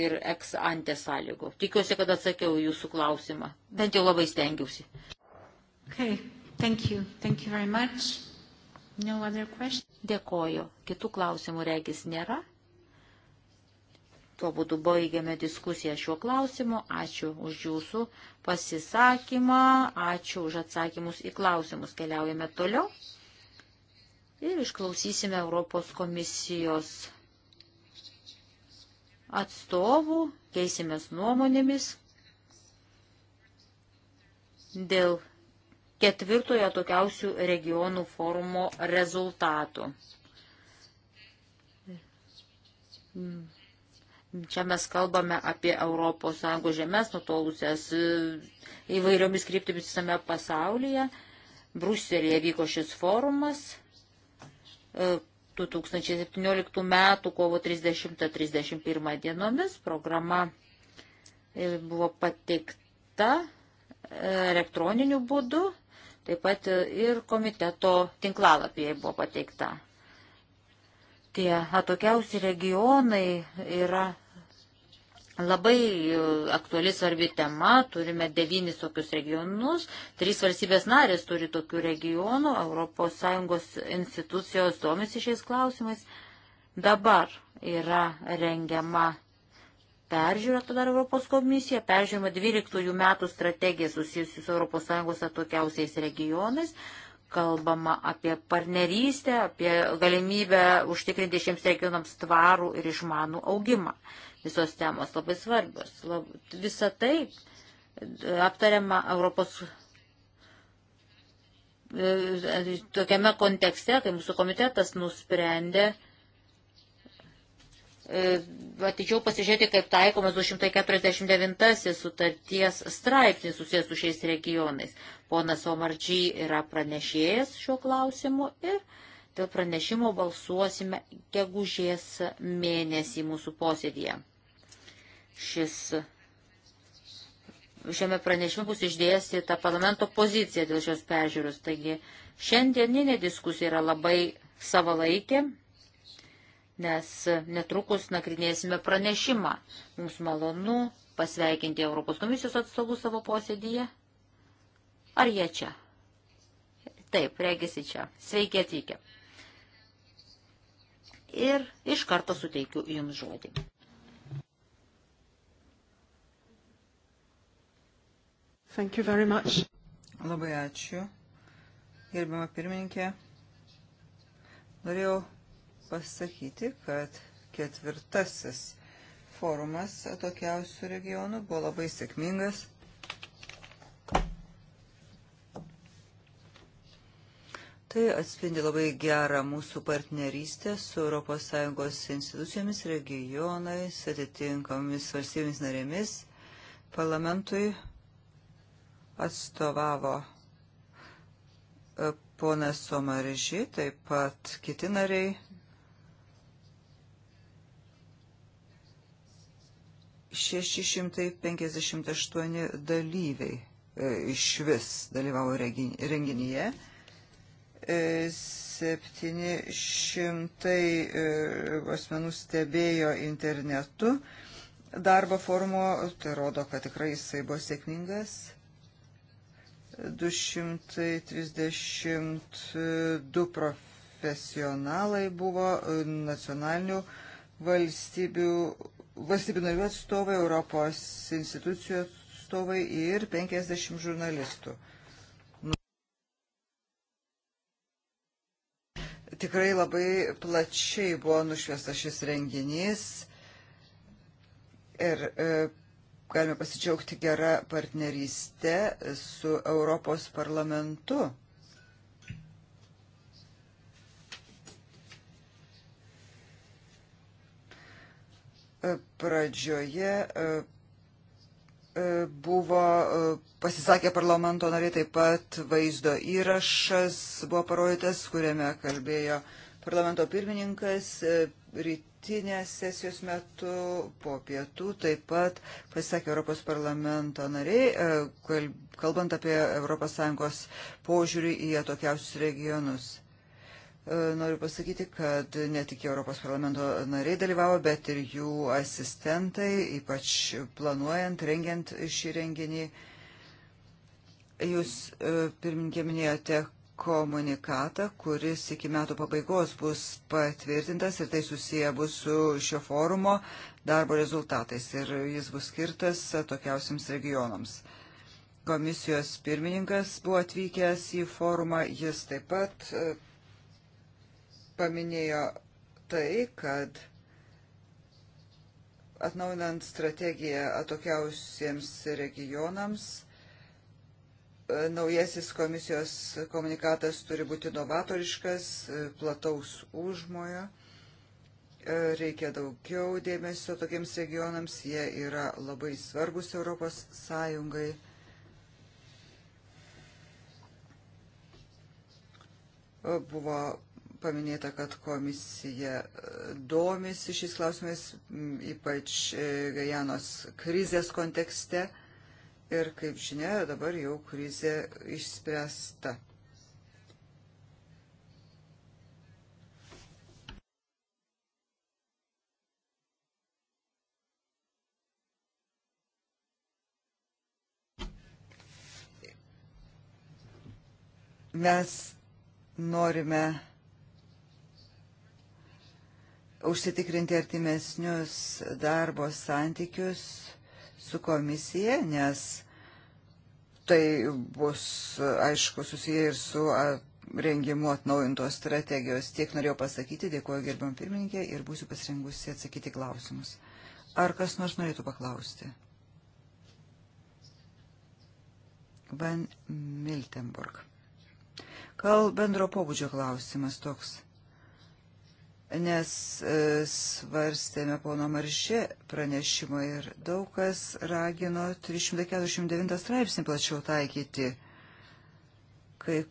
C: ir ex ante sąlygų. Tikiuosi, kad atsakiau jūsų klausimą. Bent jau labai stengiausi. Okay. Thank you. Thank you very much. No other question. Dėkoju. Kitų klausimų regis nėra. Tuo būdu baigiame diskusiją šiuo klausimu. Ačiū už jūsų pasisakymą, ačiū už atsakymus į klausimus. Keliaujame toliau ir išklausysime Europos komisijos atstovų, keisimės nuomonėmis dėl ketvirtojo tokiausių regionų forumo rezultatų. Čia mes kalbame apie ES žemės nutolusias e, įvairiomis kryptimis visame pasaulyje. Bruselėje vyko šis forumas 2017 e, metų kovo 30-31 dienomis programa e, buvo pateikta e, elektroniniu būdu, taip pat ir komiteto tinklalapyje buvo pateikta. Tie atokiausi regionai yra Labai e, aktuali svarbi tema, turime devynis tokius regionus, trys valstybės narės turi tokių regionų, ES institucijos domisi šiais klausimais. Dabar yra rengiama peržiūra, tada Europos komisija, peržiūrima 12 metų strategija susijusi su ES atokiausiais regionais, kalbama apie partnerystę, apie galimybę užtikrinti šiems regionams tvarų ir išmanų augimą. Visos temos labai svarbios. Lab, visa tai e, aptariama Europos e, e, tokiame kontekste, kai mūsų komitetas nusprendė, E, atidžiau pasižiūrėti, kaip taikomas 249 sutarties straipsnis susijęs su šiais regionais. Ponas Omardžiai yra pranešėjas šiuo klausimu ir dėl pranešimo balsuosime gegužės mėnesį mūsų posėdėje. Šis šiame pranešime bus išdėstyta parlamento pozicija dėl šios peržiūros. Taigi šiandieninė diskusija yra labai savalaikė, nes netrukus nagrinėsime pranešimą. Mums malonu pasveikinti Europos komisijos atstovų savo posėdyje. Ar jie čia? Taip, regisi čia. Sveiki atvykę. Ir iš karto suteikiu Jums žodį.
A: Thank you very much. Labai ačiū. Gerbiama pirmininkė, norėjau pasakyti, kad ketvirtasis forumas atokiausių regionų buvo labai sėkmingas. Tai atspindi labai gerą mūsų partnerystę su ES institucijomis, regionais, atitinkamomis valstybėmis narėmis. Parlamentui atstovavo e, ponas Somarži, taip pat kiti nariai 658 dalyviai e, iš vis dalyvavo renginyje. 700 e, e, asmenų stebėjo internetu darbo formo, tai rodo, kad tikrai jisai buvo sėkmingas. 232 profesionalai buvo nacionalinių valstybių valstybių narių atstovai, Europos institucijų atstovai ir 50 žurnalistų. Nu, tikrai labai plačiai buvo nušviestas šis renginys ir e, galime pasidžiaugti gerą partnerystę su Europos parlamentu. pradžioje e, e, buvo e, pasisakė parlamento nariai, taip pat vaizdo įrašas buvo parodytas, kuriame kalbėjo parlamento pirmininkas rytinės sesijos metu po pietų, taip pat pasisakė Europos parlamento nariai, kalbant apie ES požiūrį į atokiausius regionus. E, noriu pasakyti, kad ne tik Europos parlamento nariai dalyvavo, bet ir jų asistentai, ypač planuojant, rengiant šį renginį. Jūs e, pirmininkė minėjote komunikatą, kuris iki metų pabaigos bus patvirtintas ir tai susiję bus su šio forumo darbo rezultatais ir jis bus skirtas tokiausiams regionams komisijos pirmininkas buvo atvykęs į forumą, jis taip pat e, paminėjo tai, kad atnaujinant strategiją atokiausiems regionams, e, naujasis komisijos komunikatas turi būti novatoriškas, e, plataus užmojo e, reikia daugiau dėmesio tokiems regionams, jie yra labai svarbus Europos Sąjungai. Buvo paminėta, kad komisija e, domisi šis klausimais, ypač e, Gajanos krizės kontekste. Ir kaip žinia, dabar jau krizė išspręsta. Mes norime užsitikrinti artimesnius darbo santykius su komisija, nes tai bus, aišku, susiję ir su rengimu atnaujintos strategijos. Tiek norėjau pasakyti, dėkuoju gerbiam pirmininkė ir būsiu pasirengusi atsakyti klausimus. Ar kas nors norėtų paklausti? Van Miltenburg. Kal bendro pobūdžio klausimas toks nes e, svarstėme pono Maršė pranešimo ir daug kas ragino 349 straipsnį plačiau taikyti. Kai,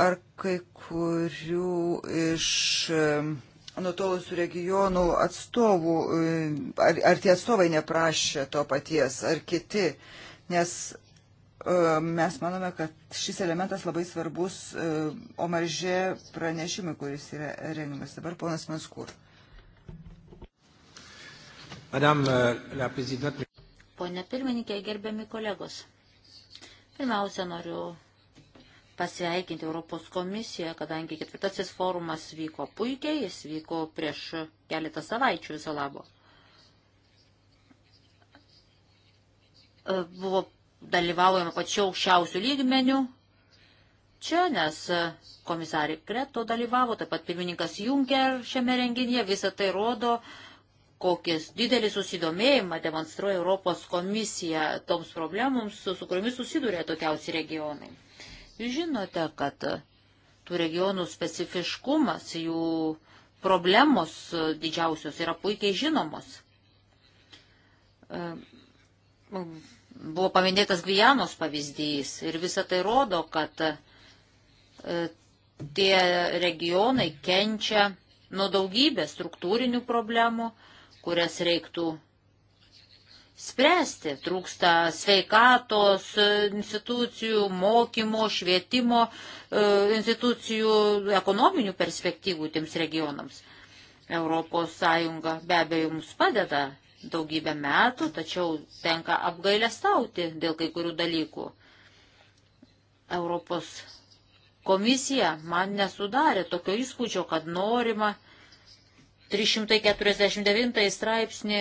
A: ar kai kurių iš e, nutolusių regionų atstovų, e, ar, ar tie atstovai neprašė to paties, ar kiti, nes E, mes manome, kad šis elementas labai svarbus e, omaržė pranešimui, kuris yra rengiamas. Dabar ponas Manskur. E,
C: Pone pirmininkė, gerbiami kolegos. Pirmiausia, noriu pasveikinti Europos komisiją, kadangi ketvirtasis forumas vyko puikiai, jis vyko prieš keletą savaičių viso labo. Buvo dalyvaujame pačiu aukščiausių lygmenių čia, nes komisarė Kreto dalyvavo, taip pat pirmininkas Junker šiame renginyje, visą tai rodo, kokis didelis susidomėjimą demonstruoja Europos komisija toms problemams, su, su kuriomis susiduria tokiausi regionai. Jūs žinote, kad tų regionų specifiškumas, jų problemos didžiausios yra puikiai žinomos. Ehm, Buvo paminėtas Gvijanos pavyzdys ir visa tai rodo, kad e, tie regionai kenčia nuo daugybės struktūrinių problemų, kurias reiktų spręsti. Trūksta sveikatos institucijų, mokymo, švietimo e, institucijų, ekonominių perspektyvų tiems regionams. Europos Sąjunga be abejo mums padeda daugybę metų, tačiau tenka apgailę stauti dėl kai kurių dalykų. Europos komisija man nesudarė tokio įspūdžio, kad norima 349 straipsnį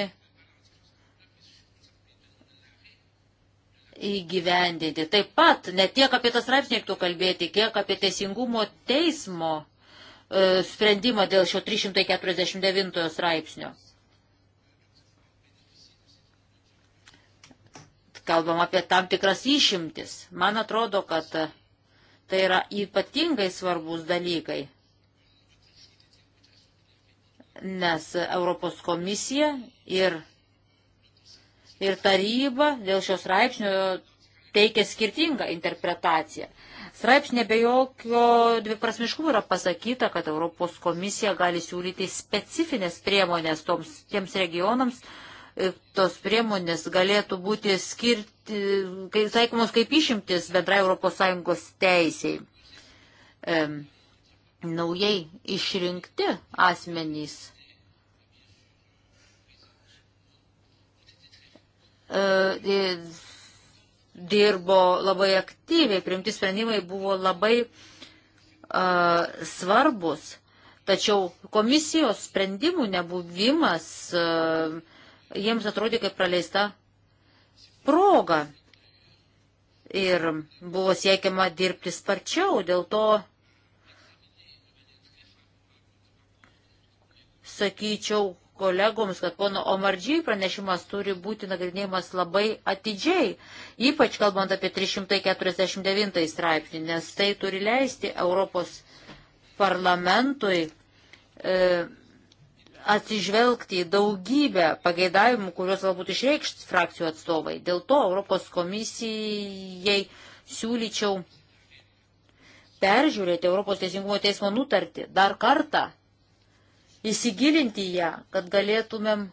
C: įgyvendinti. Taip pat ne tiek apie tą straipsnį reiktų kalbėti, kiek apie teisingumo teismo e, sprendimą dėl šio 349 straipsnio. kalbam apie tam tikras išimtis. Man atrodo, kad tai yra ypatingai svarbus dalykai, nes Europos komisija ir, ir taryba dėl šios raipsnio teikia skirtingą interpretaciją. Straipsnė be jokio dviprasmiškumo yra pasakyta, kad Europos komisija gali siūlyti specifines priemonės toms, tiems regionams, E, tos priemonės galėtų būti skirti, kai, taikomos kaip išimtis bendrai ES teisiai. E, naujai išrinkti asmenys e, dirbo labai aktyviai, priimti sprendimai buvo labai e, svarbus. Tačiau komisijos sprendimų nebuvimas uh, jiems atrodė kaip praleista proga. Ir buvo siekiama dirbti sparčiau, dėl to, sakyčiau, kolegoms, kad pono Omardžiai pranešimas turi būti nagrinėjimas labai atidžiai, ypač kalbant apie 349 straipsnį, nes tai turi leisti Europos parlamentui e, atsižvelgti į daugybę pageidavimų, kuriuos galbūt išreikšt frakcijų atstovai. Dėl to Europos komisijai siūlyčiau peržiūrėti Europos teisingumo teismo nutartį dar kartą, įsigilinti ją, kad galėtumėm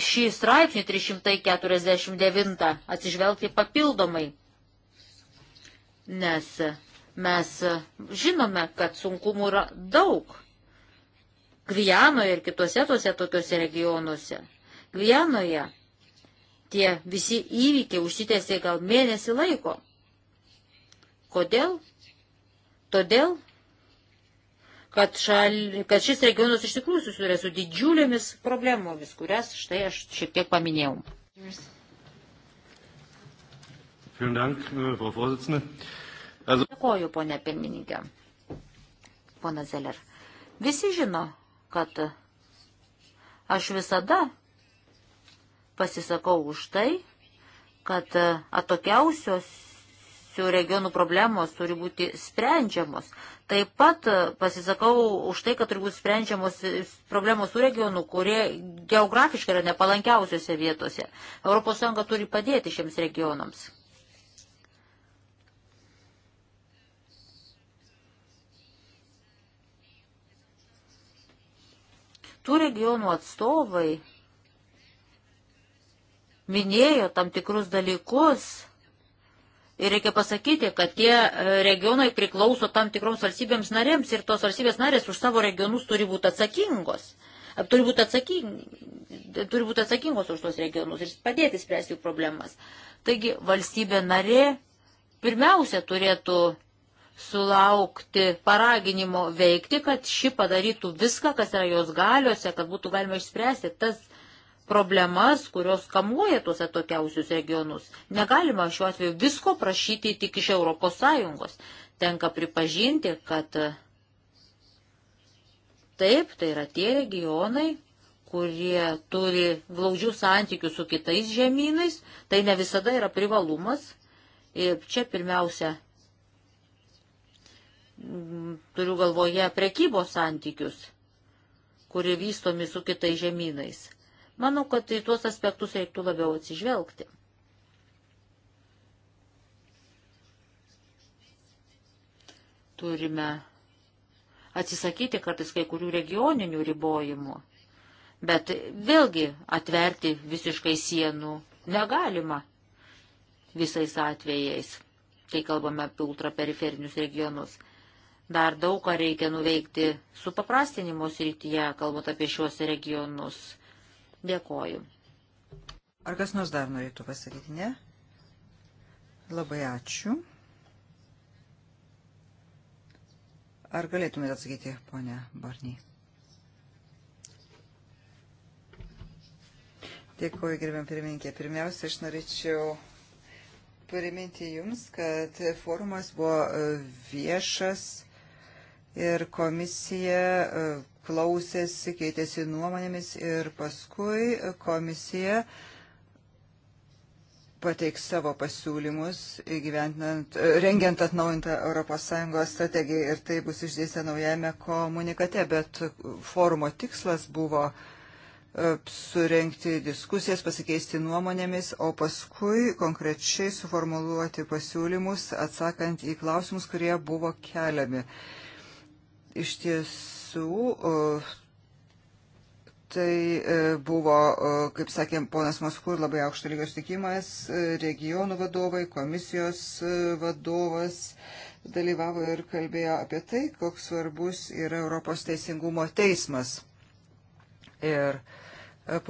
C: šį straipsnį 349 atsižvelgti papildomai. Nes mes žinome, kad sunkumų yra daug Gvijanoje ir kitose tuose tokiuose regionuose. Gvijanoje tie visi įvykiai užsitęsė gal mėnesį laiko. Kodėl? Todėl, kad, šal, kad šis regionas iš tikrųjų susiduria su didžiulėmis problemomis, kurias štai aš šiek tiek paminėjau. Äh, Dėkoju, ponė pirmininkė. Pana Zeller. Visi žino, kad aš visada pasisakau už tai, kad atokiausios regionų problemos turi būti sprendžiamos. Taip pat pasisakau už tai, kad turi būti sprendžiamos problemos tų regionų, kurie geografiškai yra nepalankiausiose vietose. ES turi padėti šiems regionams. Tų regionų atstovai minėjo tam tikrus dalykus ir reikia pasakyti, kad tie e, regionai priklauso tam tikroms valstybėms narėms ir tos valstybės narės už savo regionus turi būti atsakingos. E, turi būti, atsaking, e, turi būti atsakingos už tos regionus ir padėti spręsti jų problemas. Taigi valstybė narė pirmiausia turėtų sulaukti paraginimo veikti, kad ši padarytų viską, kas yra jos galiuose, kad būtų galima išspręsti tas problemas, kurios kamuoja tuos atokiausius regionus. Negalima šiuo atveju visko prašyti tik iš ES. Tenka pripažinti, kad taip, tai yra tie regionai, kurie turi glaudžių santykių su kitais žemynais, tai ne visada yra privalumas. Ir čia pirmiausia turiu galvoje prekybos santykius, kurie vystomi su kitais žemynais. Manau, kad į tuos aspektus reiktų labiau atsižvelgti. Turime atsisakyti kartais kai kurių regioninių ribojimų, bet vėlgi atverti visiškai sienų negalima visais atvejais, kai kalbame apie ultraperiferinius regionus. Dar daug ką reikia nuveikti su paprastinimo srityje, kalbant apie šiuos regionus.
A: Dėkoju. Ar kas nors dar norėtų pasakyti, ne? Labai ačiū. Ar galėtumėte atsakyti, ponė Barniai? Dėkuoju, gerbiam pirmininkė. Pirmiausia, aš norėčiau priminti Jums, kad forumas buvo viešas ir komisija e, klausėsi, keitėsi nuomonėmis ir paskui e, komisija pateiks savo pasiūlymus e, rengiant atnaujintą ES strategiją ir tai bus išdėstę naujame komunikate, bet forumo tikslas buvo surenkti diskusijas, pasikeisti nuomonėmis, o paskui konkrečiai suformuluoti pasiūlymus, atsakant į klausimus, kurie buvo keliami. Iš tiesų, tai e, buvo, kaip sakėm, ponas Maskur labai aukšto lygio sutikimas, e, regionų vadovai, komisijos e, vadovas dalyvavo ir kalbėjo apie tai, koks svarbus yra Europos teisingumo teismas. Ir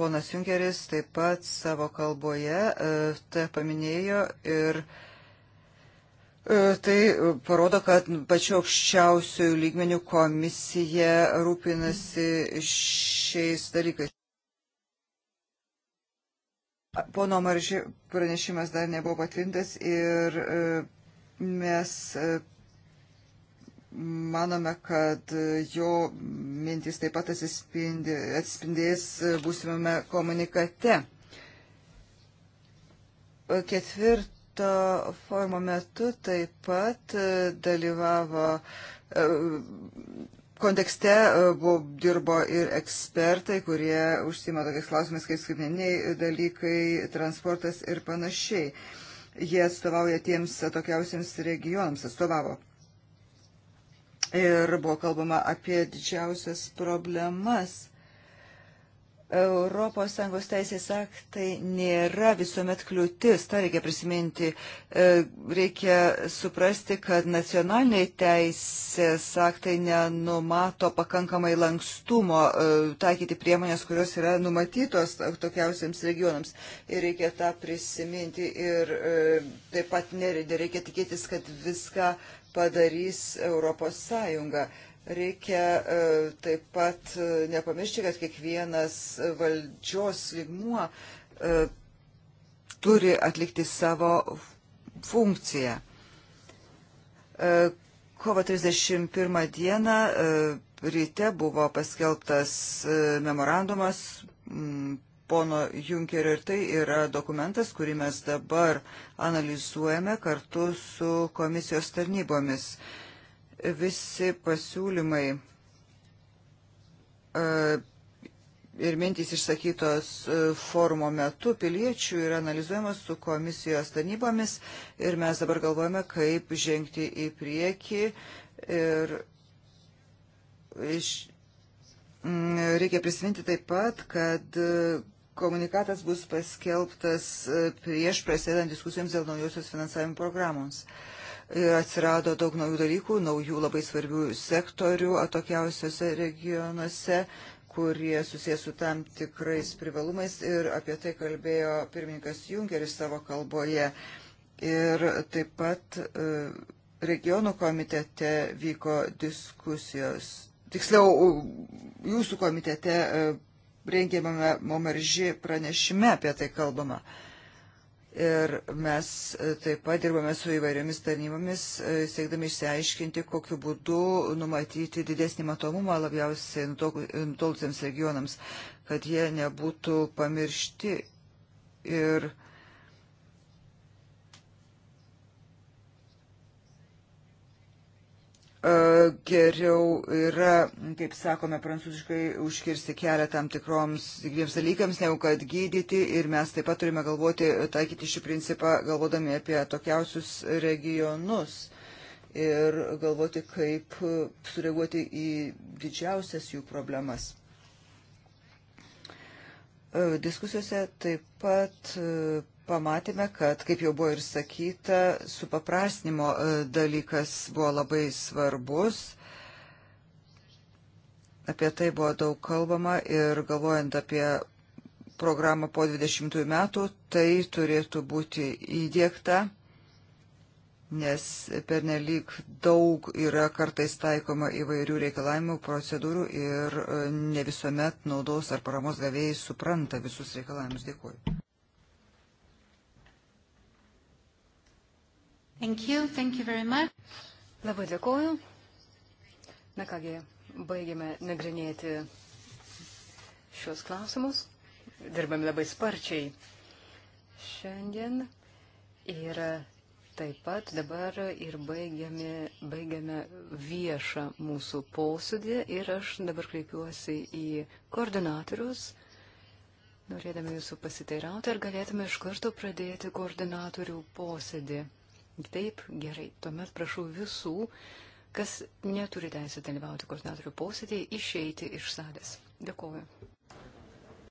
A: ponas Junkeris taip pat savo kalboje tą paminėjo ir E, tai parodo, kad pačiu aukščiausiųjų lygmenių komisija rūpinasi šiais dalykais. Pono Marži pranešimas dar nebuvo patvirtintas ir e, mes e, manome, kad jo mintis taip pat atsispindės būsimame komunikate. Ketvirt, Tarpto forumo metu taip pat e, dalyvavo e, kontekste e, buvo, dirbo ir ekspertai, kurie užsima tokiais klausimais kaip skaitmeniniai dalykai, transportas ir panašiai. Jie atstovauja tiems atokiausiams regionams, atstovavo. Ir buvo kalbama apie didžiausias problemas ES teisės aktai nėra visuomet kliūtis, tą reikia prisiminti. E, reikia suprasti, kad nacionaliniai teisės aktai nenumato pakankamai lankstumo e, taikyti priemonės, kurios yra numatytos tokiausiams regionams. Ir reikia tą prisiminti ir e, taip pat nereikia tikėtis, kad viską padarys ES. Reikia e, taip pat e, nepamiršti, kad kiekvienas valdžios lygmuo e, turi atlikti savo funkciją. Kovo 31 dieną ryte buvo paskelbtas memorandumas pono Junkerio ir tai yra dokumentas, kurį mes dabar analizuojame kartu su komisijos tarnybomis. Visi pasiūlymai e, ir mintys išsakytos e, forumo metu piliečių yra analizuojamas su komisijos tarnybomis ir mes dabar galvojame, kaip žengti į priekį ir iš... Mm, reikia prisiminti taip pat, kad e, komunikatas bus paskelbtas prieš prasidedant diskusijoms dėl naujosios finansavimo programoms. Uh, atsirado daug naujų dalykų, naujų labai svarbių sektorių atokiausiose regionuose kurie susijęs su tam tikrais privalumais ir apie tai kalbėjo pirmininkas Junkeris savo kalboje. Ir taip pat e, regionų komitete vyko diskusijos, tiksliau jūsų komitete e, rengiamame Momerži pranešime apie tai kalbama. Ir mes e, taip pat dirbame su įvairiomis tarnybomis, e, siekdami išsiaiškinti, kokiu būdu numatyti didesnį matomumą labiausiai nutolusiems regionams, kad jie nebūtų pamiršti ir e, E, geriau yra, kaip sakome, prancūziškai užkirsti kelią tam tikroms dviems dalykams, negu kad gydyti ir mes taip pat turime galvoti, taikyti šį principą, galvodami apie tokiausius regionus ir galvoti, kaip sureaguoti į didžiausias jų problemas. E, diskusijose taip pat e, pamatėme, kad, kaip jau buvo ir sakyta, supaprasnimo e, dalykas buvo labai svarbus. Apie tai buvo daug kalbama ir galvojant apie programą po 20 metų, tai turėtų būti įdėkta, nes pernelyg daug yra kartais taikoma įvairių reikalavimų procedūrų ir e, ne visuomet naudos ar paramos gavėjai supranta visus reikalavimus. Dėkuoju.
B: Thank you, thank you very much. Labai dėkoju. Na kągi, baigėme nagrinėti šios klausimus. Dirbam labai sparčiai šiandien. Ir taip pat dabar ir baigiame, baigiame viešą mūsų posėdį. Ir aš dabar kreipiuosi į koordinatorius. Norėdami jūsų pasiteirauti, ar galėtume iš karto pradėti koordinatorių posėdį. Taip, gerai. Tuomet prašau visų, kas neturi teisę dalyvauti koordinatorių posėdėje, išeiti iš salės. Dėkuoju.